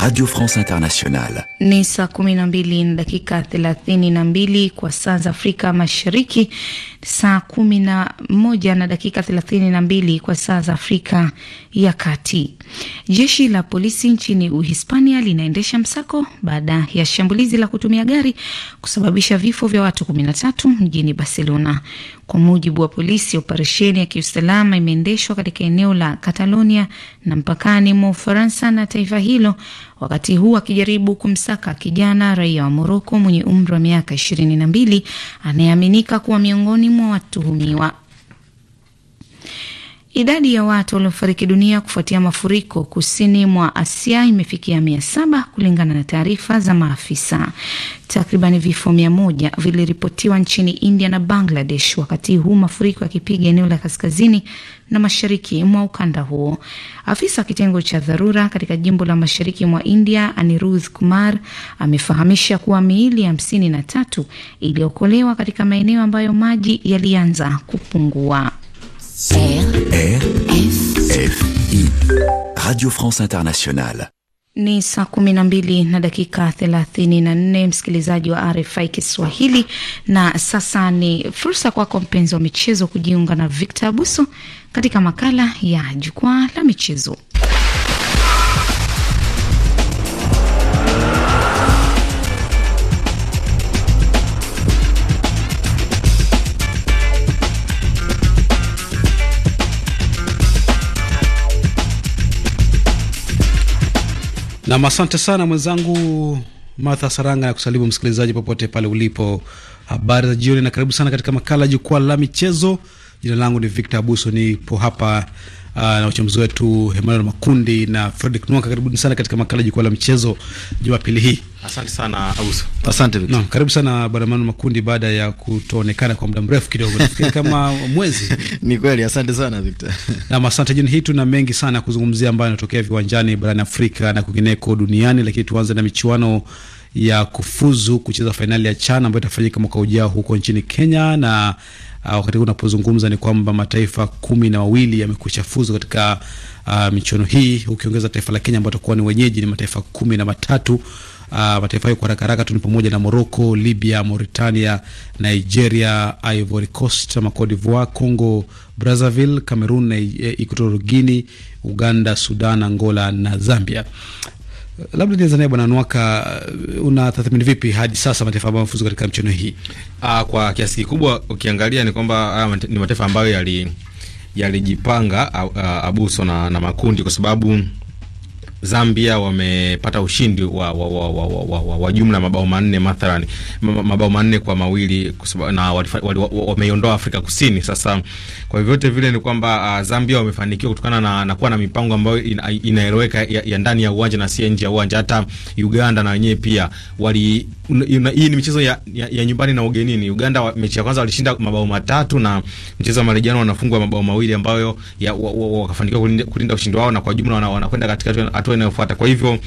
Radio France Internationale. Ni saa 12 na dakika 32 kwa saa za Afrika Mashariki saa kumi na moja na dakika thelathini na mbili kwa saa za Afrika ya Kati. Jeshi la polisi nchini Uhispania linaendesha msako baada ya shambulizi la kutumia gari kusababisha vifo vya watu tatu mjini Barcelona. Kwa mujibu wa polisi, operesheni ya kiusalama imeendeshwa katika eneo la Catalonia na mpakani mwa Ufaransa na taifa hilo, wakati huu akijaribu kumsaka kijana raia wa Moroko mwenye umri wa miaka mbili anayeaminika kuwa miongoni mwa watuhumiwa. Idadi ya watu waliofariki dunia kufuatia mafuriko kusini mwa Asia imefikia mia saba kulingana na taarifa za maafisa. Takribani vifo mia moja viliripotiwa nchini India na Bangladesh, wakati huu mafuriko yakipiga eneo la kaskazini na mashariki mwa ukanda huo. Afisa wa kitengo cha dharura katika jimbo la mashariki mwa India, Anirudh Kumar, amefahamisha kuwa miili hamsini na tatu iliokolewa katika maeneo ambayo maji yalianza kupungua. I Radio France Internationale. Ni saa kumi na mbili na dakika thelathini na nne msikilizaji wa RFI Kiswahili, na sasa ni fursa kwako mpenzi wa michezo kujiunga na Victor Abuso katika makala ya jukwaa la michezo. Nam, asante sana mwenzangu Martha Saranga na kusalimu msikilizaji popote pale ulipo. Habari za jioni na karibu sana katika makala ya jukwaa la michezo. Jina langu ni Victor Abuso, nipo hapa uh, na wachambuzi wetu Emmanuel Makundi na Fredrick Nwaka. Karibuni sana katika makala jukwaa la michezo Jumapili hii. Asante sana Augusto. Asante Victor. No, karibu sana Bwana Emmanuel Makundi baada ya kutoonekana kwa muda mrefu kidogo. Nafikiri kama mwezi. [laughs] Ni kweli, asante sana Victor. [laughs] Na asante jioni hii tuna mengi sana kuzungumzia ambayo yanatokea viwanjani barani Afrika na kwingineko duniani, lakini tuanze na michuano ya kufuzu kucheza fainali ya CHAN ambayo itafanyika mwaka ujao huko nchini Kenya na Ah, wakati huu unapozungumza ni kwamba mataifa kumi na wawili yamekwisha fuzu katika uh, michuano hii, ukiongeza taifa la Kenya ambao atakuwa ni wenyeji, ni mataifa kumi na matatu. Uh, mataifa hayo kwa haraka haraka tu ni pamoja na Morocco, Libya, Mauritania, Nigeria, Ivory Coast ama Cote d'Ivoire, Congo Brazzaville, Cameroon na Equatorial Guinea, Uganda, Sudan, Angola na Zambia. Labda nianze naye Bwana Nwaka, uh, unatathmini vipi hadi sasa mataifa ambayo yamefuzu katika michuano hii? Aa, ah, kwa kiasi kikubwa ukiangalia ni kwamba ah, ni mataifa ambayo yalijipanga yali ah, abuso na, na makundi kwa sababu Zambia wamepata ushindi wa, wa, wa, wa, wa, wa, wa wa jumla mabao manne mathalani mabao manne kwa mawili kusaba, na wameiondoa Afrika Kusini. Sasa kwa vyovyote vile ni kwamba uh, Zambia wamefanikiwa kutokana na, na kuwa na mipango ambayo in, inaeleweka ya, ya ndani ya uwanja na si nje ya uwanja. Hata Uganda na wenyewe pia wali hii ni michezo ya, ya, ya nyumbani na ugenini. Uganda mechi ya kwanza walishinda mabao matatu na mchezo wa marejano wanafungwa mabao mawili ambayo wakafanikiwa kulinda, kulinda ushindi wao na kwa jumla wanakwenda wana katika hatua hatua inayofuata. Kwa hivyo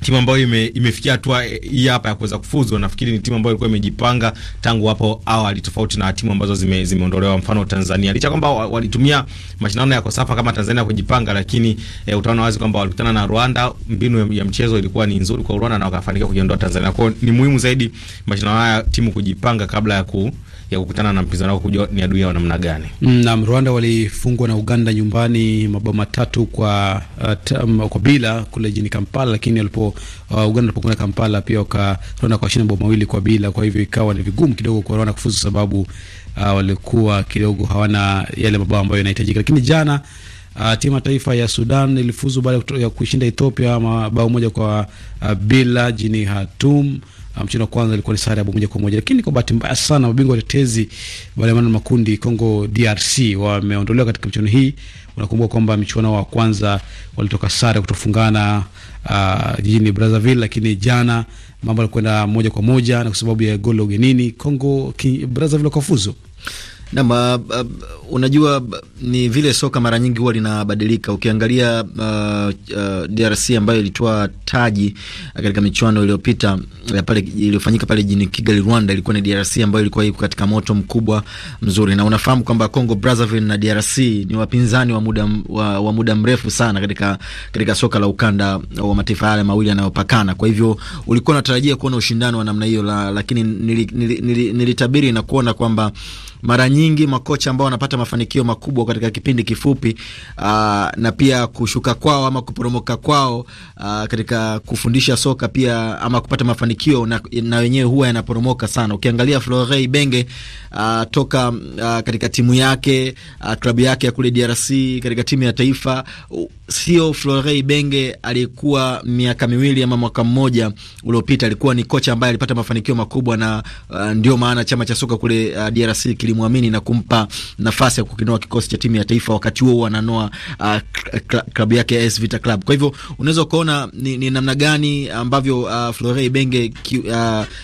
timu ambayo ime, imefikia hatua eh, hii hapa ya kuweza kufuzu, nafikiri ni timu ambayo ilikuwa imejipanga tangu hapo awali, tofauti na timu ambazo zime, zimeondolewa. Mfano Tanzania, licha kwamba walitumia mashindano ya Kosafa kama Tanzania kujipanga, lakini e, utaona wazi kwamba walikutana na Rwanda, mbinu ya mchezo ilikuwa ni nzuri kwa Rwanda na wakafanikiwa kujiondoa Tanzania. Kwa ni muhimu zaidi mashindano haya timu kujipanga kabla ya ku ya kukutana na mpinzani wao kujua ni adui yao namna gani. Mm, naam, Rwanda walifungwa na Uganda nyumbani mabao matatu kwa, uh, tam, kwa bila kule jini Kampala, lakini walipo uh, Uganda walipokwenda Kampala pia waka Rwanda kwa shina mabao mawili kwa bila, kwa hivyo ikawa ni vigumu kidogo kwa Rwanda kufuzu sababu uh, walikuwa kidogo hawana yale mabao ambayo yanahitajika, lakini jana Uh, timu ya taifa ya Sudan ilifuzu baada ya kushinda Ethiopia mabao moja kwa uh, bila jini Hatum. Ah, mchezo wa kwanza ilikuwa ni sare ya moja kwa moja, lakini kwa bahati mbaya sana mabingwa watetezi wale wa makundi Kongo DRC wameondolewa katika michuano hii. Unakumbuka kwamba michuano wa kwanza walitoka sare kutofungana uh, jijini Brazzaville, lakini jana mambo yalikwenda moja kwa moja na kwa sababu ya goli la ugenini Kongo Brazzaville wakafuzu. Naam, uh, uh, unajua uh, ni vile soka mara nyingi huwa linabadilika. Ukiangalia uh, uh, DRC ambayo ilitoa taji katika michuano iliyopita pale iliyofanyika pale jijini Kigali, Rwanda, ilikuwa ni DRC ambayo ilikuwa iko katika moto mkubwa mzuri, na unafahamu kwamba Congo Brazzaville na DRC ni wapinzani wa muda, wa, wa muda mrefu sana katika, katika soka la ukanda wa mataifa yale mawili yanayopakana. Kwa hivyo ulikuwa unatarajia kuona ushindano wa namna hiyo la, lakini nilitabiri nili, nili, nili na kuona kwamba mara nyingi makocha ambao wanapata mafanikio makubwa katika kipindi kifupi uh, na pia kushuka kwao ama kuporomoka kwao uh, katika kufundisha soka pia ama kupata mafanikio na, na wenyewe huwa yanaporomoka sana. Ukiangalia Florent Ibenge uh, toka uh, katika timu yake uh, klabu yake ya kule DRC katika timu ya taifa uh, sio Florent Ibenge alikuwa miaka miwili ama mwaka mmoja uliopita, alikuwa ni kocha ambaye alipata mafanikio makubwa na uh, ndio maana chama cha soka kule uh, DRC kili ilimwamini na kumpa nafasi ya kukinoa kikosi cha timu ya taifa, wakati huo wananoa uh, klabu yake AS Vita Club. Kwa hivyo unaweza ukaona ni, ni namna gani ambavyo uh, Florent Ibenge uh,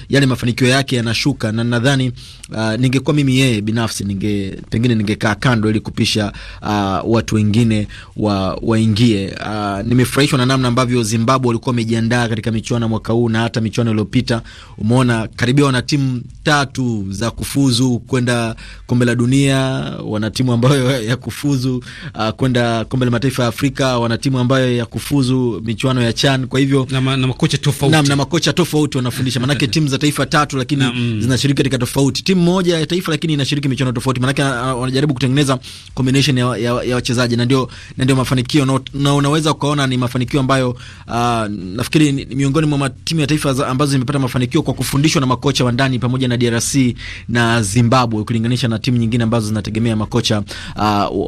yale mafanikio yake yanashuka na nadhani uh, ningekuwa mimi yeye binafsi ninge pengine ningekaa kando ili kupisha uh, watu wengine wa, waingie. Uh, nimefurahishwa na namna ambavyo Zimbabwe walikuwa wamejiandaa katika michuano ya mwaka huu na hata michuano iliyopita. Umeona karibia wana timu tatu za kufuzu kwenda kombe la dunia, wana timu ambayo ya kufuzu uh, kwenda kombe la mataifa ya Afrika, wana timu ambayo ya kufuzu michuano ya CHAN. Kwa hivyo na, ma, na makocha tofauti na, na makocha tofauti wanafundisha, maanake [laughs] timu za taifa tatu lakini na, mm, zinashiriki katika tofauti timu timu moja ya taifa lakini inashiriki michuano tofauti, maanake uh, wanajaribu kutengeneza combination ya, ya, ya wachezaji, na ndio na ndio mafanikio na, na unaweza ukaona ni mafanikio ambayo uh, nafikiri ni miongoni mwa timu ya taifa ambazo zimepata mafanikio kwa kufundishwa na makocha wa ndani pamoja na DRC na Zimbabwe ukilinganisha na timu nyingine ambazo zinategemea makocha uh,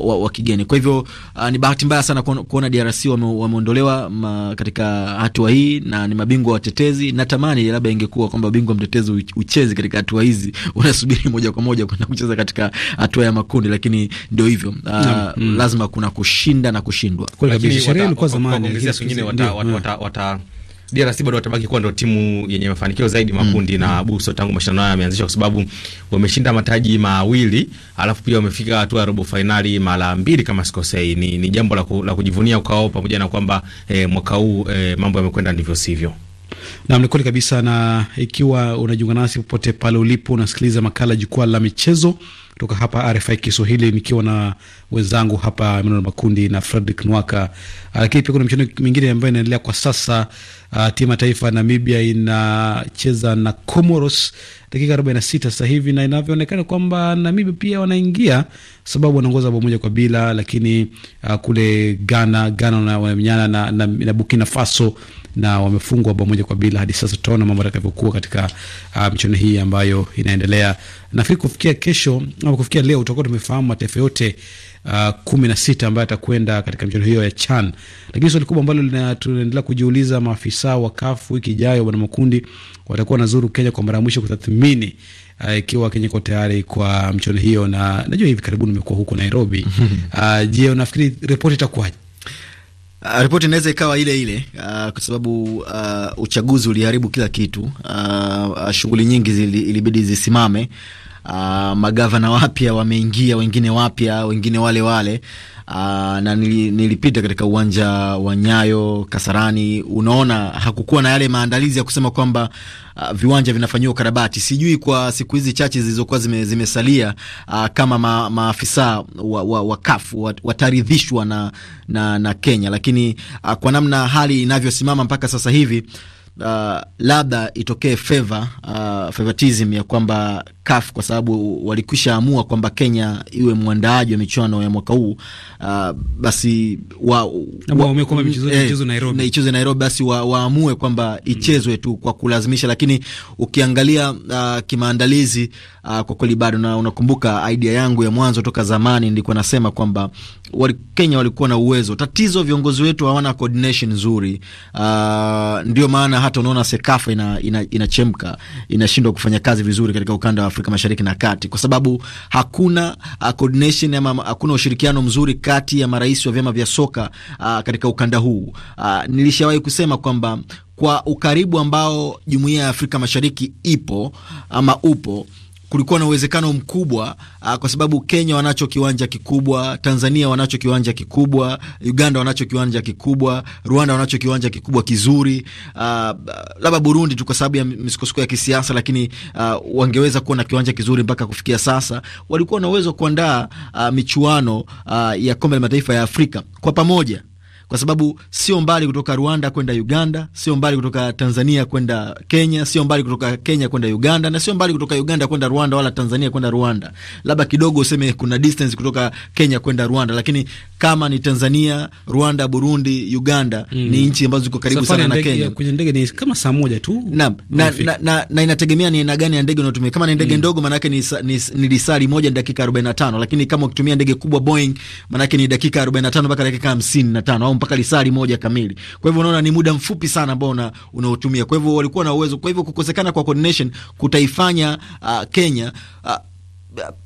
wa, wa kigeni. Kwa hivyo uh, ni bahati mbaya sana kuona DRC wameondolewa wa katika hatua hii na ni mabingwa watetezi. Natamani labda ingekuwa kwamba bingwa mtetezi uchezi katika hatua hizi una kusubiri moja kwa moja kwenda kucheza katika hatua ya makundi, lakini ndio hivyo uh, mm, lazima kuna kushinda na kushindwa. DRC bado watabaki kuwa ndo timu yenye mafanikio zaidi makundi mm. na mm. Buso tangu mashindano hayo yameanzishwa, kwa sababu wameshinda mataji mawili, alafu pia wamefika hatua ya robo fainali mara mbili kama sikosei. Ni, ni jambo la, ku, la kujivunia kwao, pamoja na kwamba eh, mwaka huu eh, mambo yamekwenda ndivyo sivyo. Nam, ni kweli kabisa. Na ikiwa unajiunga nasi popote pale ulipo, unasikiliza makala Jukwaa la Michezo kutoka hapa RFI Kiswahili, nikiwa na wenzangu hapa Emmanuel Makundi na Fredrick Nwaka. Ah, lakini pia kuna michezo mingine ambayo inaendelea kwa sasa. Uh, timu ya taifa ya Namibia inacheza na Comoros dakika 46 sasa hivi, na inavyoonekana kwamba Namibia pia wanaingia, sababu wanaongoza bao moja kwa bila, lakini uh, kule Ghana Ghana wanamenyana na, na, na Burkina Faso na wamefungwa bao moja kwa bila hadi sasa. Tutaona mambo yatakavyokuwa katika uh, michuano um, hii ambayo inaendelea. Nafikiri kufikia kesho au kufikia leo tutakuwa tumefahamu mataifa yote uh, kumi na sita ambayo atakwenda katika michuano hiyo ya CHAN, lakini swali kubwa ambalo tunaendelea kujiuliza, maafisa wa CAF wiki ijayo, bwana Makundi, watakuwa wanazuru Kenya kwa mara ya mwisho kutathmini uh, ikiwa uh, Kenya iko tayari kwa mchuano hiyo, na najua hivi karibuni umekuwa huko Nairobi. [laughs] Uh, je, unafikiri ripoti itakuwaje? Uh, ripoti inaweza ikawa ile ile uh, kwa sababu uh, uchaguzi uliharibu kila kitu uh, shughuli nyingi zili, ilibidi zisimame. Uh, magavana wapya wameingia, wengine wapya, wengine wale wale aa, ah, na nilipita katika uwanja wa Nyayo Kasarani, unaona hakukuwa na yale maandalizi ya kusema kwamba Uh, viwanja vinafanyiwa ukarabati. Sijui kwa siku hizi chache zilizokuwa zime, zimesalia uh, kama ma, maafisa wa, wa, wa CAF wataridhishwa na, na, na Kenya, lakini uh, kwa namna hali inavyosimama mpaka sasa hivi uh, labda itokee favor, uh, favoritism ya kwamba CAF kwa sababu walikwisha amua kwamba Kenya iwe mwandaaji wa michuano ya mwaka huu uh, basi wa, wa, michezo mm, eh, Nairobi, ichezwe Nairobi basi wa, waamue kwamba mm. ichezwe tu kwa kulazimisha, lakini ukiangalia uh, kimaandalizi uh, kwa kweli bado na unakumbuka idea yangu ya mwanzo toka zamani nilikuwa nasema kwamba wali, Kenya walikuwa na uwezo. Tatizo viongozi wetu hawana coordination nzuri, uh, ndio maana hata unaona Sekafa inachemka ina, ina inashindwa kufanya kazi vizuri katika ukanda wa Afrika Mashariki na Kati kwa sababu hakuna uh, coordination ama hakuna ushirikiano mzuri kati ya marais wa vyama vya soka uh, katika ukanda huu uh, nilishawahi kusema kwamba kwa ukaribu ambao jumuiya ya Afrika Mashariki ipo ama upo kulikuwa na uwezekano mkubwa uh, kwa sababu Kenya wanacho kiwanja kikubwa, Tanzania wanacho kiwanja kikubwa, Uganda wanacho kiwanja kikubwa, Rwanda wanacho kiwanja kikubwa kizuri, uh, labda Burundi tu kwa sababu ya misukosuko ya kisiasa, lakini uh, wangeweza kuwa na kiwanja kizuri. Mpaka kufikia sasa walikuwa na uwezo wa kuandaa uh, michuano uh, ya kombe la mataifa ya Afrika kwa pamoja kwa sababu sio mbali kutoka Rwanda kwenda Uganda, sio mbali kutoka Tanzania kwenda Kenya, sio mbali kutoka Kenya kwenda Uganda, na sio mbali kutoka Uganda kwenda Rwanda wala Tanzania kwenda Rwanda. Labda kidogo useme kuna distance kutoka Kenya kwenda Rwanda, lakini kama ni Tanzania, Rwanda, Burundi, Uganda mm. ni nchi ambazo ziko karibu sana na Kenya. Kwenye ndege ni kama saa moja tu na, na, na, na, na inategemea ni aina gani ya ndege unayotumia. Kama ni ndege mm. ndogo, maanake ni, ni, ni lisali moja ni dakika 45, lakini kama ukitumia ndege kubwa Boeing, maanake ni dakika 45 mpaka dakika 55 au mpaka lisali moja kamili. Kwa hivyo unaona ni muda mfupi sana ambao unaotumia. Kwa hivyo walikuwa na uwezo. Kwa hivyo kukosekana kwa coordination kutaifanya uh, Kenya uh, uh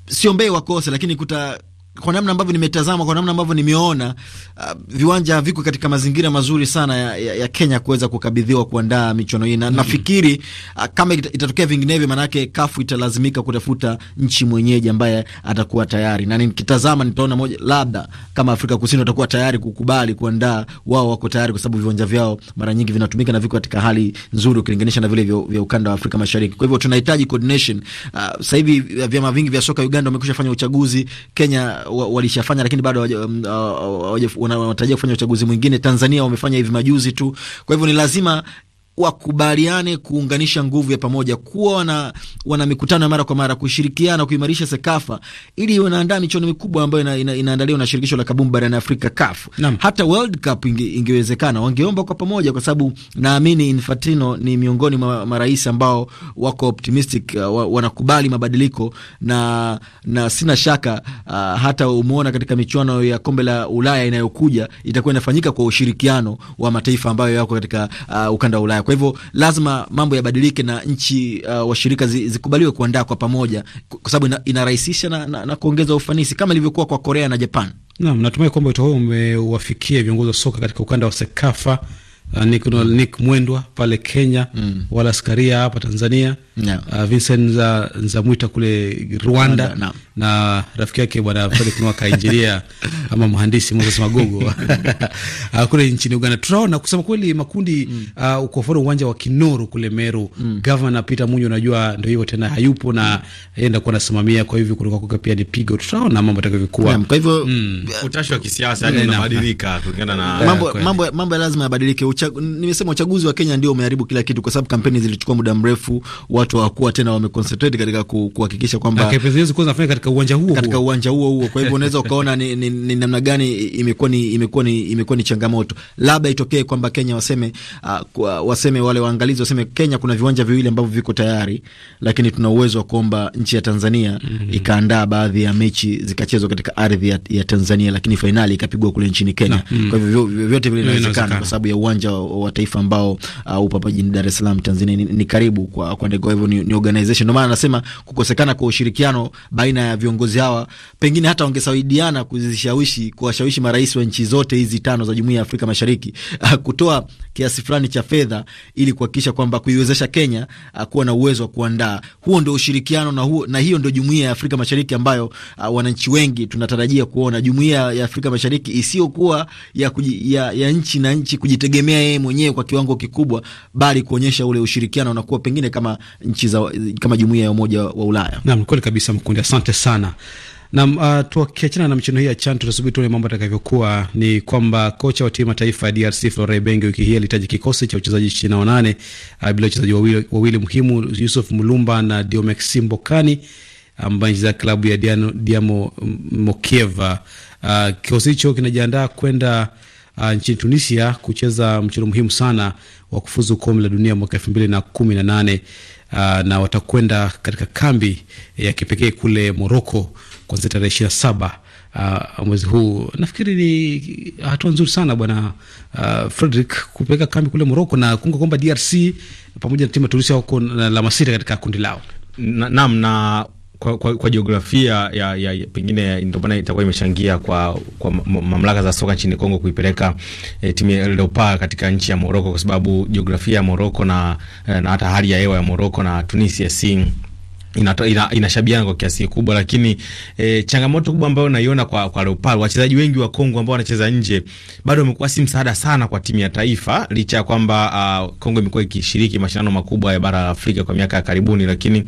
siombei wakose, lakini kuta kwa namna ambavyo nimetazama, kwa namna ambavyo nimeona, uh, viwanja viko katika mazingira mazuri sana ya, ya, ya Kenya kuweza kukabidhiwa kuandaa michuano hii na mm -hmm. Nafikiri uh, kama itatokea vinginevyo, maanake kafu italazimika kutafuta nchi mwenyeji ambaye atakuwa tayari, na nikitazama nitaona moja, labda kama Afrika Kusini watakuwa tayari kukubali kuandaa, wao wako tayari kwa sababu viwanja vyao mara nyingi vinatumika na viko katika hali nzuri ukilinganisha na vile vya, ukanda wa Afrika Mashariki. Kwa hivyo tunahitaji coordination. Uh, sasa hivi uh, vyama vingi vya soka Uganda wamekusha fanya uchaguzi, Kenya walishafanya, lakini bado um, uh, uh, wanatarajia kufanya uchaguzi mwingine. Tanzania wamefanya hivi majuzi tu, kwa hivyo ni lazima wakubaliane kuunganisha nguvu ya pamoja, kuwa wana, wana mikutano ya mara kwa mara, kushirikiana, kuimarisha Sekafa ili wanaandaa michuano mikubwa ambayo ina, ina, inaandaliwa na shirikisho la kabumbu barani Afrika CAF. Hata World Cup inge, ingewezekana wangeomba kwa pamoja, kwa sababu naamini Infantino ni miongoni mwa marais ambao wako optimistic, uh, wanakubali mabadiliko na, na sina shaka uh, hata umeona katika michuano ya kombe la Ulaya inayokuja itakuwa inafanyika kwa ushirikiano wa mataifa ambayo yako katika uh, ukanda wa Ulaya. Kwa hivyo lazima mambo yabadilike na nchi uh, washirika zikubaliwe kuandaa kwa pamoja, kwa sababu ina, inarahisisha na, na, na kuongeza ufanisi kama ilivyokuwa kwa Korea na Japan. Naam, natumai kwamba wito huo umewafikia viongozi wa soka katika ukanda wa Sekafa Uh, Nick, no, Nick Mwendwa pale Kenya mm. wala Skaria hapa Tanzania yeah. uh, Vincent Nzamwita kule Rwanda no, no, no. na rafiki yake bwana Felix Nwaka injinia [laughs] ama mhandisi Moses Magogo [laughs] [laughs] uh, kule nchini Uganda. Tunaona kusema kweli makundi mm. uh, kwa mfano uwanja wa Kinoru kule Meru mm. Governor Peter Munyo unajua ndio hivyo tena hayupo na mm. yeye ndio anasimamia, kwa hivyo kutoka kuka pia ni pigo. tunaona mambo atakavyokuwa. Kwa hivyo mm. utashi wa kisiasa unabadilika kulingana na mambo eh, mambo mambo lazima yabadilike uchag, nimesema uchaguzi wa Kenya ndio umeharibu kila kitu, kwa sababu kampeni zilichukua muda mrefu, watu hawakuwa tena wameconcentrate katika kuhakikisha kwamba kampeni hizo kwanza zafanyika katika uwanja huo katika uwanja huo huo. Kwa hivyo unaweza ukaona ni, ni, ni namna gani imekuwa ni imekuwa ni imekuwa ni changamoto. Labda itokee kwamba Kenya waseme uh, kwa, waseme wale waangalizi waseme Kenya kuna viwanja viwili ambavyo viko tayari, lakini tuna uwezo wa kuomba nchi ya Tanzania mm -hmm. ikaandaa baadhi ya mechi zikachezwa katika ardhi ya, ya Tanzania, lakini fainali ikapigwa kule nchini Kenya. Mm -hmm. Kwa hivyo vyote vile vinawezekana kwa sababu ya uwanja uwanja wa Taifa ambao uh, upo hapa jijini Dar es Salaam Tanzania ni, ni karibu kwa kwa hivyo ni, ni organization. Ndio maana anasema kukosekana kwa ushirikiano baina ya viongozi hawa, pengine hata wangesaidiana kuzishawishi, kuwashawishi marais wa nchi zote hizi tano za Jumuiya ya Afrika Mashariki uh, kutoa kiasi fulani cha fedha ili kuhakikisha kwamba kuiwezesha Kenya uh, kuwa na uwezo wa kuandaa. Huo ndio ushirikiano na, huo, na hiyo ndio Jumuiya ya Afrika Mashariki ambayo uh, wananchi wengi tunatarajia kuona, Jumuiya ya Afrika Mashariki isiyokuwa ya, ya, ya nchi na nchi kujitegemea kujitegemea yeye mwenyewe kwa kiwango kikubwa, bali kuonyesha ule ushirikiano unakuwa pengine kama nchi za kama jumuiya ya umoja wa Ulaya. Naam, kweli kabisa Mkundi, asante sana. Nam uh, tukiachana na michuano hii ya CHAN tutasubiri tuone mambo atakavyokuwa. Ni kwamba kocha wa timu ya taifa ya DRC Flore Benge wiki hii alitaja kikosi cha wachezaji 28 na uh, bila wachezaji wawili, wawili muhimu Yusuf Mulumba na Diomex Mbokani ambaye anacheza klabu ya Dinamo Mokeva. Uh, kikosi hicho kinajiandaa kwenda uh, nchini Tunisia kucheza mchezo muhimu sana wa kufuzu kombe la dunia mwaka elfu mbili na kumi na nane uh, na watakwenda katika kambi ya kipekee kule Moroko kuanzia tarehe ishirini na saba Uh, mwezi huu nafikiri ni hatua nzuri sana bwana uh, Frederick kupeleka kambi kule Moroko na kuunga kwamba DRC pamoja na timu ya Tunisia wako na la masiri katika kundi lao. Naam na, na kwa, kwa, kwa jiografia ya, ya, pengine ndio maana itakuwa imechangia kwa, kwa mamlaka za soka nchini Kongo kuipeleka eh, timu ya Leopards katika nchi ya Moroko kwa sababu jiografia ya Moroko na, eh, na hata hali ya hewa ya Moroko na Tunisia si inashabiana ina, ina kwa kiasi kikubwa, lakini e, changamoto kubwa ambayo naiona kwa, kwa Leopard, wachezaji wengi wa Kongo ambao wanacheza nje bado wamekuwa si msaada sana kwa timu ya taifa, licha ya kwamba uh, Kongo imekuwa ikishiriki mashindano makubwa ya bara la Afrika kwa miaka ya karibuni, lakini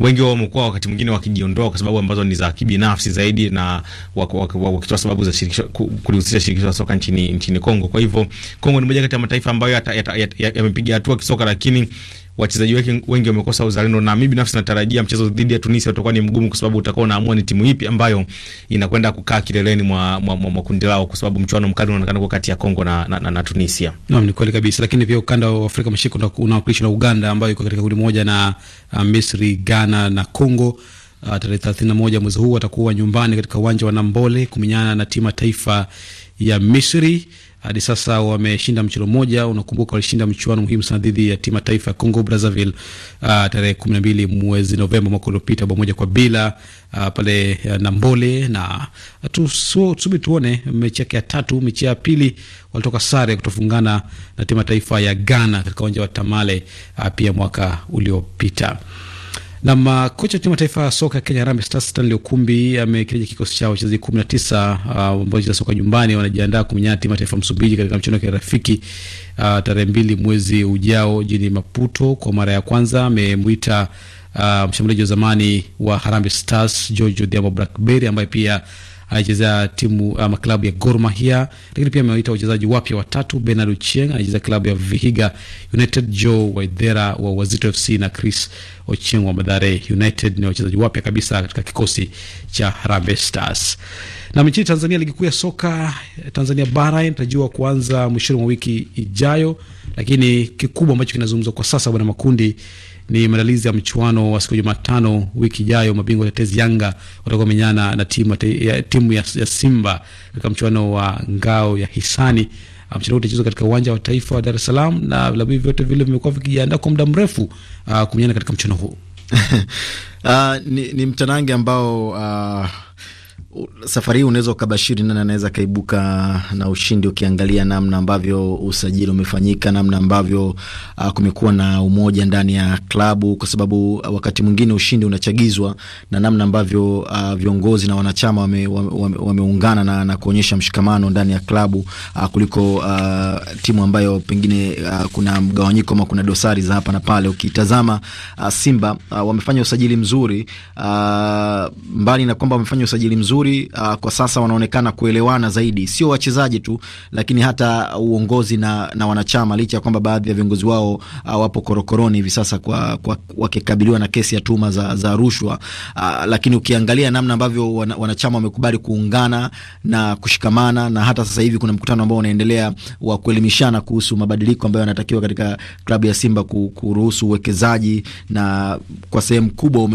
wengi wao wamekuwa wakati mwingine wakijiondoa kwa sababu ambazo ni za kibinafsi zaidi na wakitoa sababu za shirikisho kulihusisha shirikisho la soka nchini nchini Kongo. Kwa hivyo Kongo ni moja kati ya mataifa ambayo yamepiga hatua kisoka, lakini wachezaji wake wengi wamekosa uzalendo, na mimi binafsi natarajia mchezo dhidi ya Tunisia utakuwa ni mgumu, kwa sababu utakuwa unaamua ni timu ipi ambayo inakwenda kukaa kileleni mwa, mwa, mwa, mwa kundi lao, kwa sababu mchuano mkali unaonekana kwa kati ya Kongo na, na, na, na Tunisia. Naam, ni kweli kabisa, lakini pia ukanda wa Afrika Mashariki unawakilishwa na Uganda ambayo iko katika kundi moja na uh, Misri, Ghana na Kongo. Uh, tarehe moja mwezi huu watakuwa nyumbani katika uwanja wa Nambole kumenyana na timu ya taifa ya Misri hadi sasa wameshinda mchezo mmoja. Unakumbuka walishinda mchuano muhimu sana dhidi ya timu ya taifa ya Congo Brazzaville uh, tarehe 12 mwezi Novemba mwaka uliopita, bao moja kwa bila uh, pale uh, Nambole na tusubiri tuone mechi yake ya tatu. Mechi ya pili walitoka sare kutofungana na timu ya taifa ya Ghana katika uwanja wa Tamale uh, pia mwaka uliopita. Na makocha timu ya taifa ya soka Kenya Harambee Stars Stanley Ukumbi amekireja kikosi chao wachezaji 19 uh, ambao uh, wanacheza soka nyumbani wanajiandaa kumenyana timu taifa Msumbiji katika mchezo wa kirafiki uh, tarehe mbili mwezi ujao jini Maputo. Kwa mara ya kwanza amemwita uh, mshambuliaji wa zamani wa Harambee Stars George Odhiambo Blackberry ambaye pia anachezea timu ama klabu ya Gor Mahia, lakini pia amewaita wachezaji wapya watatu: Bernard Ochieng anachezea klabu ya Vihiga United, Joe Waithera wa Wazito FC na Chris Ochieng wa Madhare United. Ni wachezaji wapya kabisa katika kikosi cha Harambee Stars. Na nchini Tanzania, ligi kuu ya soka eh, Tanzania bara inatarajiwa kuanza mwishoni mwa wiki ijayo, lakini kikubwa ambacho kinazungumzwa kwa sasa, bwana Makundi, ni maandalizi ya mchuano wa siku ya Jumatano wiki ijayo. Mabingwa tetezi Yanga watakuwa menyana na timu ya, timu ya, ya Simba katika mchuano wa ngao ya hisani. Ah, mchezo huu utachezwa katika uwanja wa taifa wa Dar es Salaam, na vilabu vyote vile vimekuwa vikijiandaa kwa muda mrefu uh, kumenyana katika mchuano huu. Uh, [laughs] ni, ni mtanange ambao uh safari hii unaweza ukabashiri nani anaweza kaibuka na ushindi, ukiangalia namna ambavyo usajili umefanyika, namna ambavyo uh, kumekuwa na umoja ndani ya klabu, kwa sababu uh, wakati mwingine ushindi unachagizwa na namna ambavyo uh, viongozi na wanachama wameungana wame, wame na, na kuonyesha mshikamano ndani ya klabu uh, kuliko uh, timu ambayo pengine uh, kuna mgawanyiko ama kuna dosari za hapa na pale. Ukitazama uh, Simba uh, wamefanya usajili mzuri uh, mbali na kwamba wamefanya usajili mzuri vizuri. Uh, kwa sasa wanaonekana kuelewana zaidi, sio wachezaji tu, lakini hata uongozi na, na wanachama, licha ya kwamba baadhi ya viongozi wao uh, wapo korokoroni hivi sasa kwa, kwa wakikabiliwa na kesi ya tuma za, za rushwa uh, lakini ukiangalia namna ambavyo wana, wanachama wamekubali kuungana na kushikamana, na hata sasa hivi kuna mkutano ambao unaendelea wa kuelimishana kuhusu mabadiliko ambayo yanatakiwa katika klabu ya Simba kuruhusu uwekezaji na kwa sehemu kubwa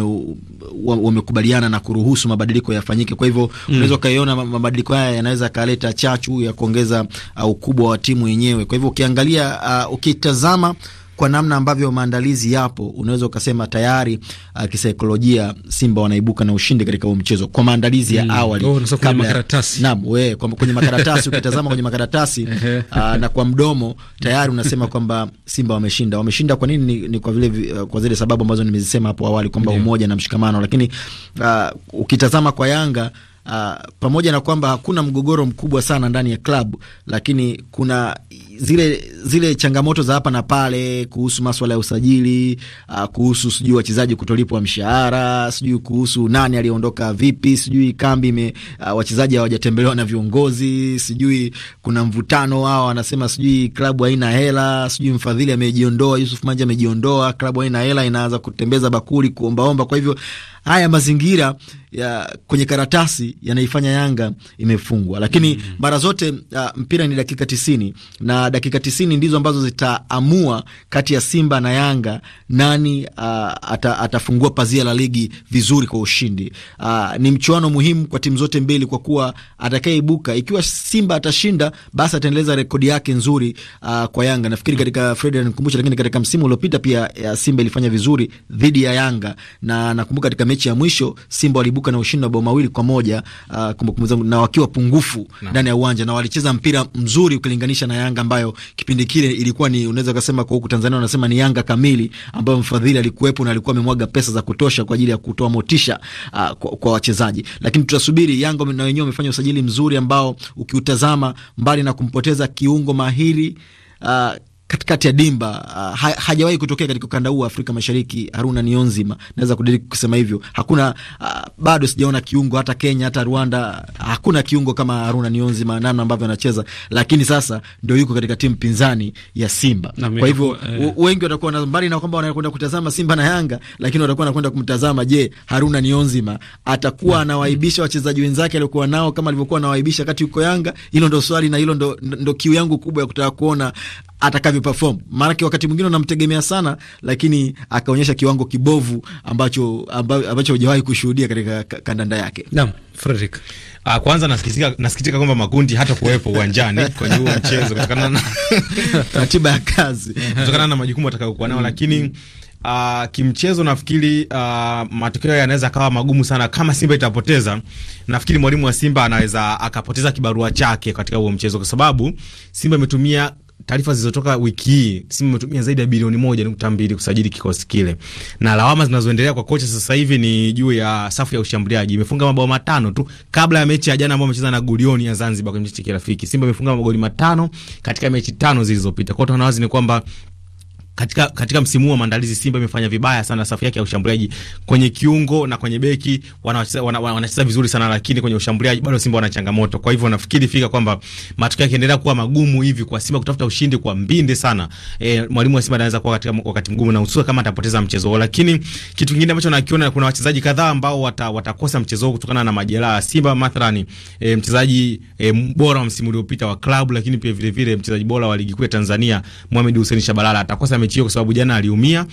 wamekubaliana na kuruhusu mabadiliko yafanyike kwa hivyo mm. unaweza ukaiona mabadiliko haya yanaweza kaleta chachu ya kuongeza uh, ukubwa wa timu yenyewe. Kwa hivyo ukiangalia, uh, ukitazama kwa namna ambavyo maandalizi yapo, unaweza ukasema tayari uh, kisaikolojia Simba wanaibuka na ushindi katika huu mchezo kwa maandalizi ya mm. awali mm. oh, kwenye makaratasi naam, we kwa kwenye makaratasi [laughs] ukitazama kwenye makaratasi uh, na kwa mdomo tayari unasema kwamba Simba wameshinda. Wameshinda kwa nini? Ni, ni kwa vile uh, kwa zile sababu ambazo nimezisema hapo awali kwamba umoja na mshikamano, lakini uh, ukitazama kwa Yanga Uh, pamoja na kwamba hakuna mgogoro mkubwa sana ndani ya klabu, lakini kuna zile zile changamoto za hapa na pale kuhusu maswala ya usajili, uh, kuhusu sijui wachezaji kutolipwa mshahara, sijui kuhusu nani aliondoka vipi, sijui kambi ime uh, wachezaji hawajatembelewa na viongozi, sijui kuna mvutano wao, wanasema sijui klabu haina hela, sijui mfadhili amejiondoa, Yusuf Manja amejiondoa, klabu haina hela, inaanza kutembeza bakuli kuombaomba. Kwa hivyo haya mazingira ya kwenye karatasi yanaifanya Yanga imefungwa, lakini mm-hmm. mara mm -hmm. zote uh, mpira ni dakika tisini na dakika tisini ndizo ambazo zitaamua kati ya Simba na Yanga nani uh, ata, atafungua pazia la ligi vizuri kwa ushindi. Uh, ni mchuano muhimu kwa timu zote mbili kwa kuwa atakayeibuka, ikiwa Simba atashinda, basi ataendeleza rekodi yake nzuri uh, kwa Yanga. Nafikiri katika Fred anikumbusha, lakini katika msimu uliopita pia ya Simba ilifanya vizuri dhidi ya Yanga, na nakumbuka katika mechi ya mwisho Simba waliibuka na ushindi wa bao mawili kwa moja uh, kumbukumbu zangu, na wakiwa pungufu ndani ya uwanja na walicheza mpira mzuri ukilinganisha na Yanga mba ambayo kipindi kile ilikuwa ni unaweza kusema kwa huku Tanzania wanasema ni Yanga kamili, ambayo mfadhili alikuwepo na alikuwa amemwaga pesa za kutosha kwa ajili ya kutoa motisha uh, kwa, kwa wachezaji. Lakini tutasubiri. Yanga na wenyewe wamefanya usajili mzuri ambao ukiutazama, mbali na kumpoteza kiungo mahiri uh, katikati ya dimba uh, hajawahi kutokea katika ukanda huu wa Afrika Mashariki. Haruna Niyonzima, naweza kudiriki kusema hivyo, hakuna uh, bado sijaona kiungo hata Kenya hata Rwanda, hakuna kiungo kama Haruna Niyonzima namna ambavyo anacheza, lakini sasa ndio yuko katika timu pinzani ya Simba na kwa hivyo eh, wengi watakuwa na mbali na kwamba wanakwenda kutazama Simba na Yanga, lakini watakuwa wanakwenda kumtazama, je, Haruna Niyonzima atakuwa anawaibisha wachezaji wenzake aliokuwa nao kama alivyokuwa anawaibisha wakati yuko Yanga? Hilo ndo swali na hilo ndo, ndo kiu yangu kubwa ya kutaka kuona atakavyo perform, maanake wakati mwingine unamtegemea sana, lakini akaonyesha kiwango kibovu ambacho ambacho hujawahi kushuhudia katika kandanda yake. Naam, Frederick. Uh, kwanza nasikitika, nasikitika kwamba makundi hata kuwepo uwanjani [laughs] kwenye huo mchezo kutokana na [laughs] ratiba ya kazi [laughs] kutokana na majukumu atakayokuwa nao, mm. lakini Uh, kimchezo nafikiri uh, matokeo yanaweza kawa magumu sana kama Simba itapoteza. Nafikiri mwalimu wa Simba anaweza akapoteza kibarua chake katika huo mchezo, kwa sababu Simba imetumia taarifa zilizotoka wiki hii, Simba imetumia zaidi ya bilioni moja nukta mbili kusajili kikosi kile, na lawama zinazoendelea kwa kocha sasa hivi ni juu ya safu ya ushambuliaji. Imefunga mabao matano tu kabla ya mechi ya jana ambao amecheza na Gulioni ya Zanzibar kwenye mechi ya kirafiki. Simba imefunga magoli matano katika mechi tano zilizopita. Kwa hiyo wazi ni kwamba katika, katika msimu wa maandalizi Simba imefanya vibaya sana safu yake ya ushambuliaji kwenye kiungo na kwenye beki wanacheza wana, wana, wana vizuri sana, lakini kwenye ushambuliaji bado Simba wana changamoto. Kwa hivyo nafikiri fika kwamba matokeo yakiendelea kuwa magumu hivi kwa Simba kutafuta ushindi kwa mbinde sana, e, mwalimu wa Simba anaweza kuwa katika wakati mgumu na hususan kama atapoteza mchezo huo. Lakini kitu kingine ambacho nakiona kuna wachezaji kadhaa ambao wata, watakosa mchezo huo kutokana na majeraha Simba, mathalani e, mchezaji e, bora wa msimu uliopita wa klabu, lakini pia vile vile mchezaji bora wa ligi kuu ya Tanzania Mohamed Hussein Shabalala atakosa mechi hiyo kwa sababu jana aliumia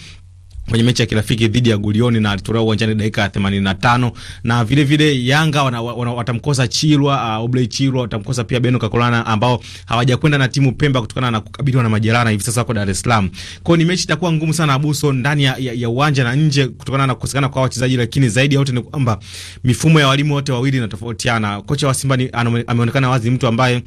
kwenye mechi ya kirafiki dhidi ya Gulioni na alitolewa uwanjani dakika ya 85, na vile vile Yanga wana, wana, watamkosa Chilwa uh, ah, Oblei Chilwa watamkosa pia Beno Kakolana ambao hawajakwenda na timu Pemba kutokana na kukabiliwa na majeraha hivi sasa kwa Dar es Salaam. Kwa ni mechi itakuwa ngumu sana Abuso ndani ya, ya, ya uwanja na nje kutokana na kukosekana kwa wachezaji, lakini zaidi ya yote ni kwamba mifumo ya walimu wote wawili inatofautiana. Kocha wa Simba ameonekana wazi mtu ambaye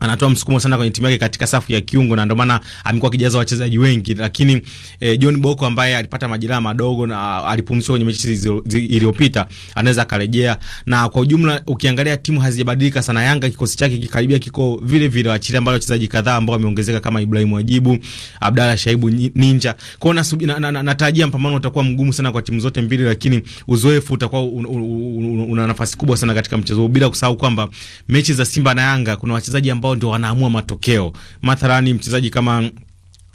anatoa msukumo sana kwenye timu yake katika safu ya kiungo na ndio maana amekuwa akijaza wachezaji wengi, lakini eh, John Boko ambaye alipata majeraha madogo na alipumzishwa kwenye mechi iliyopita anaweza akarejea. Na kwa ujumla ukiangalia timu hazijabadilika sana. Yanga kikosi chake kikaribia kiko vile vile, wachilia ambao wachezaji kadhaa ambao wameongezeka kama Ibrahim Wajibu, Abdalla Shaibu Ninja. Kwa na, na, na, na, natarajia mpambano utakuwa mgumu sana kwa timu zote mbili, lakini uzoefu utakuwa un, un, una nafasi kubwa sana katika mchezo, bila kusahau kwamba mechi za Simba na Yanga kuna wachezaji ambao ambao ndio wanaamua matokeo. Mathalani mchezaji kama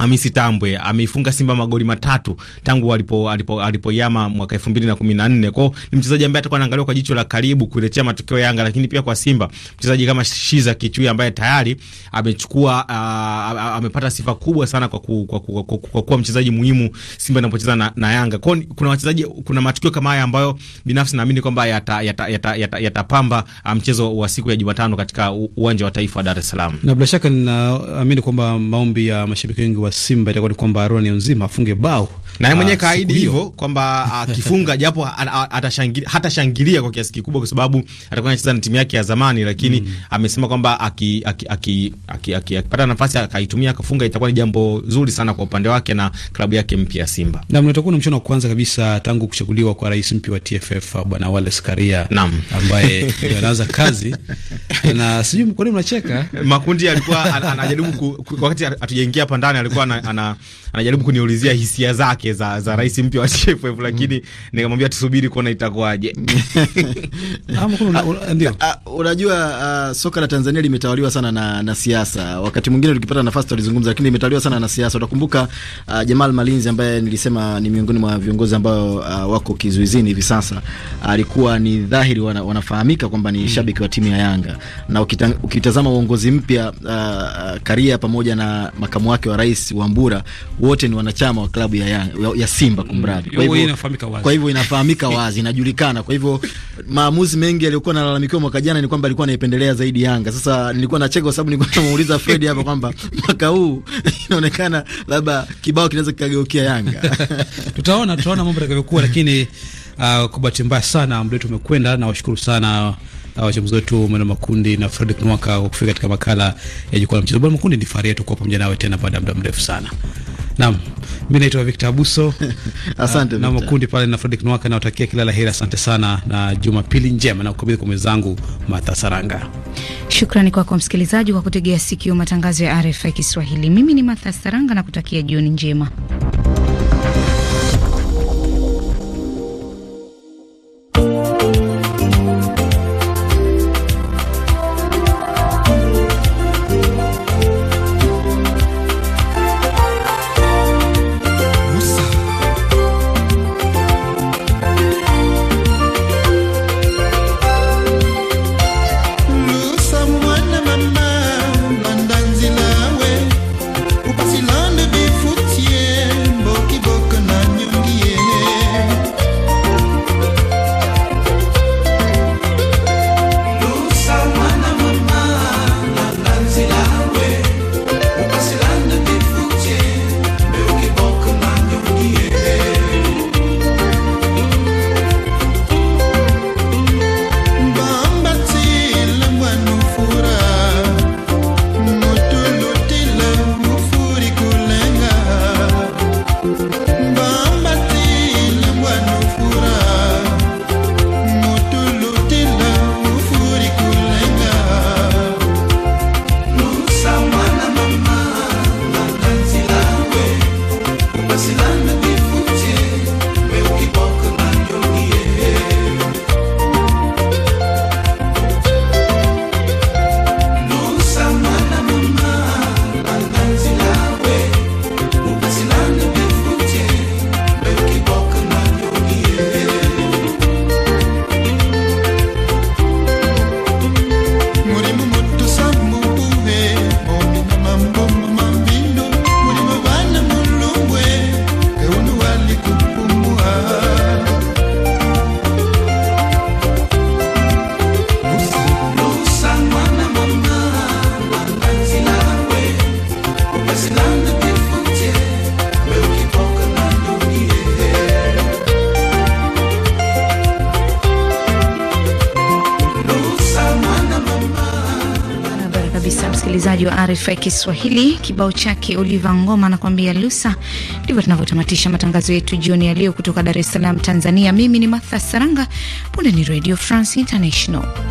Hamisi Tambwe ameifunga Simba magoli matatu tangu alipo alipo alipoyama mwaka 2014. Kwao ni mchezaji ambaye atakuwa anaangaliwa kwa jicho la karibu kuiletea matokeo Yanga, lakini pia kwa Simba mchezaji kama Shiza Kichui ambaye tayari amechukua uh, amepata sifa kubwa sana kwa, ku, kwa, kwa, kwa, kwa kuwa mchezaji muhimu Simba inapocheza na, na Yanga. Kwao kuna wachezaji, kuna matukio kama haya ambayo binafsi naamini kwamba yatapamba yata, yata, yata, yata mchezo wa siku ya Jumatano katika uwanja wa Taifa wa Dar es Salaam, na bila shaka ninaamini kwamba maombi ya mashabiki wengi wa Simba itakuwa ni kwamba Aaron Nzima afunge bao naye mwenyewe ah, kaahidi hivyo kwamba [laughs] akifunga japo hatashangilia kwa kiasi kikubwa, kwa sababu atakuwa anacheza na timu yake ya zamani, lakini mm. amesema kwamba akipata aki, aki, aki, aki, nafasi akaitumia akafunga itakuwa ni jambo zuri sana kwa upande wake na klabu yake mpya ya Simba. Naam, utakuwa na mchuano wa kwanza kabisa tangu kuchaguliwa kwa rais mpya wa TFF uh, Bwana Wallace Karia ambaye anaanza kazi [laughs] na sijui mkwani mnacheka makundi alikuwa anajaribu wakati hatujaingia hapa ndani alikuwa anajaribu kuniulizia hisia zake zake za, za mm. rais mpya wa TFF, mm. lakini mm. nikamwambia tusubiri kuona itakuwaje. [laughs] Ah, ah, unajua, uh, soka la Tanzania limetawaliwa sana na, na siasa. Wakati mwingine tukipata nafasi tulizungumza, lakini limetawaliwa sana na siasa. Utakumbuka uh, Jamal Malinzi ambaye nilisema ni miongoni mwa viongozi ambao uh, wako kizuizini hivi sasa, alikuwa ni dhahiri wana, wanafahamika kwamba ni mm. shabiki wa timu ya Yanga na ukita, ukitazama uongozi mpya uh, Karia pamoja na makamu wake wa rais Wambura wote ni wanachama wa klabu ya Yanga ya Simba kumradhi. Kwa hivyo inafahamika wazi, kwa hivyo inafahamika wazi, inajulikana. Kwa hivyo maamuzi mengi yaliyokuwa nalalamikiwa mwaka jana ni kwamba alikuwa anaipendelea zaidi Yanga. Sasa nilikuwa nacheka kwa sababu nilikuwa namuuliza Fred hapa kwamba mwaka huu [laughs] inaonekana labda kibao kinaweza kikageukia Yanga. [laughs] Tutaona, tutaona mambo yatakavyokuwa, lakini uh, kwa bahati mbaya sana muda wetu umekwenda. Nawashukuru sana wachambuzi wetu Mwana Makundi na Fredrick Mwaka kwa kufika katika makala ya jukwaa la mchezo. Bwana Makundi, ni fahari yetu kuwa pamoja nawe tena baada ya muda mrefu sana. Naam, mimi naitwa Victor Abuso. [laughs] Ah, asante na Makundi pale na Fredrick Nwaka, nawatakia kila la heri. Asante sana na Jumapili njema, na kukabidhi kwa mwenzangu Martha Saranga. Shukrani kwako msikilizaji kwa kutegea sikio matangazo ya RFI Kiswahili. Mimi ni Martha Saranga na kutakia jioni njema. RFI Kiswahili. Kibao chake olive Ngoma anakuambia Lusa. Ndivyo tunavyotamatisha matangazo yetu jioni ya leo kutoka Dar es Salaam, Tanzania. Mimi ni Martha Saranga, punde ni Radio France International.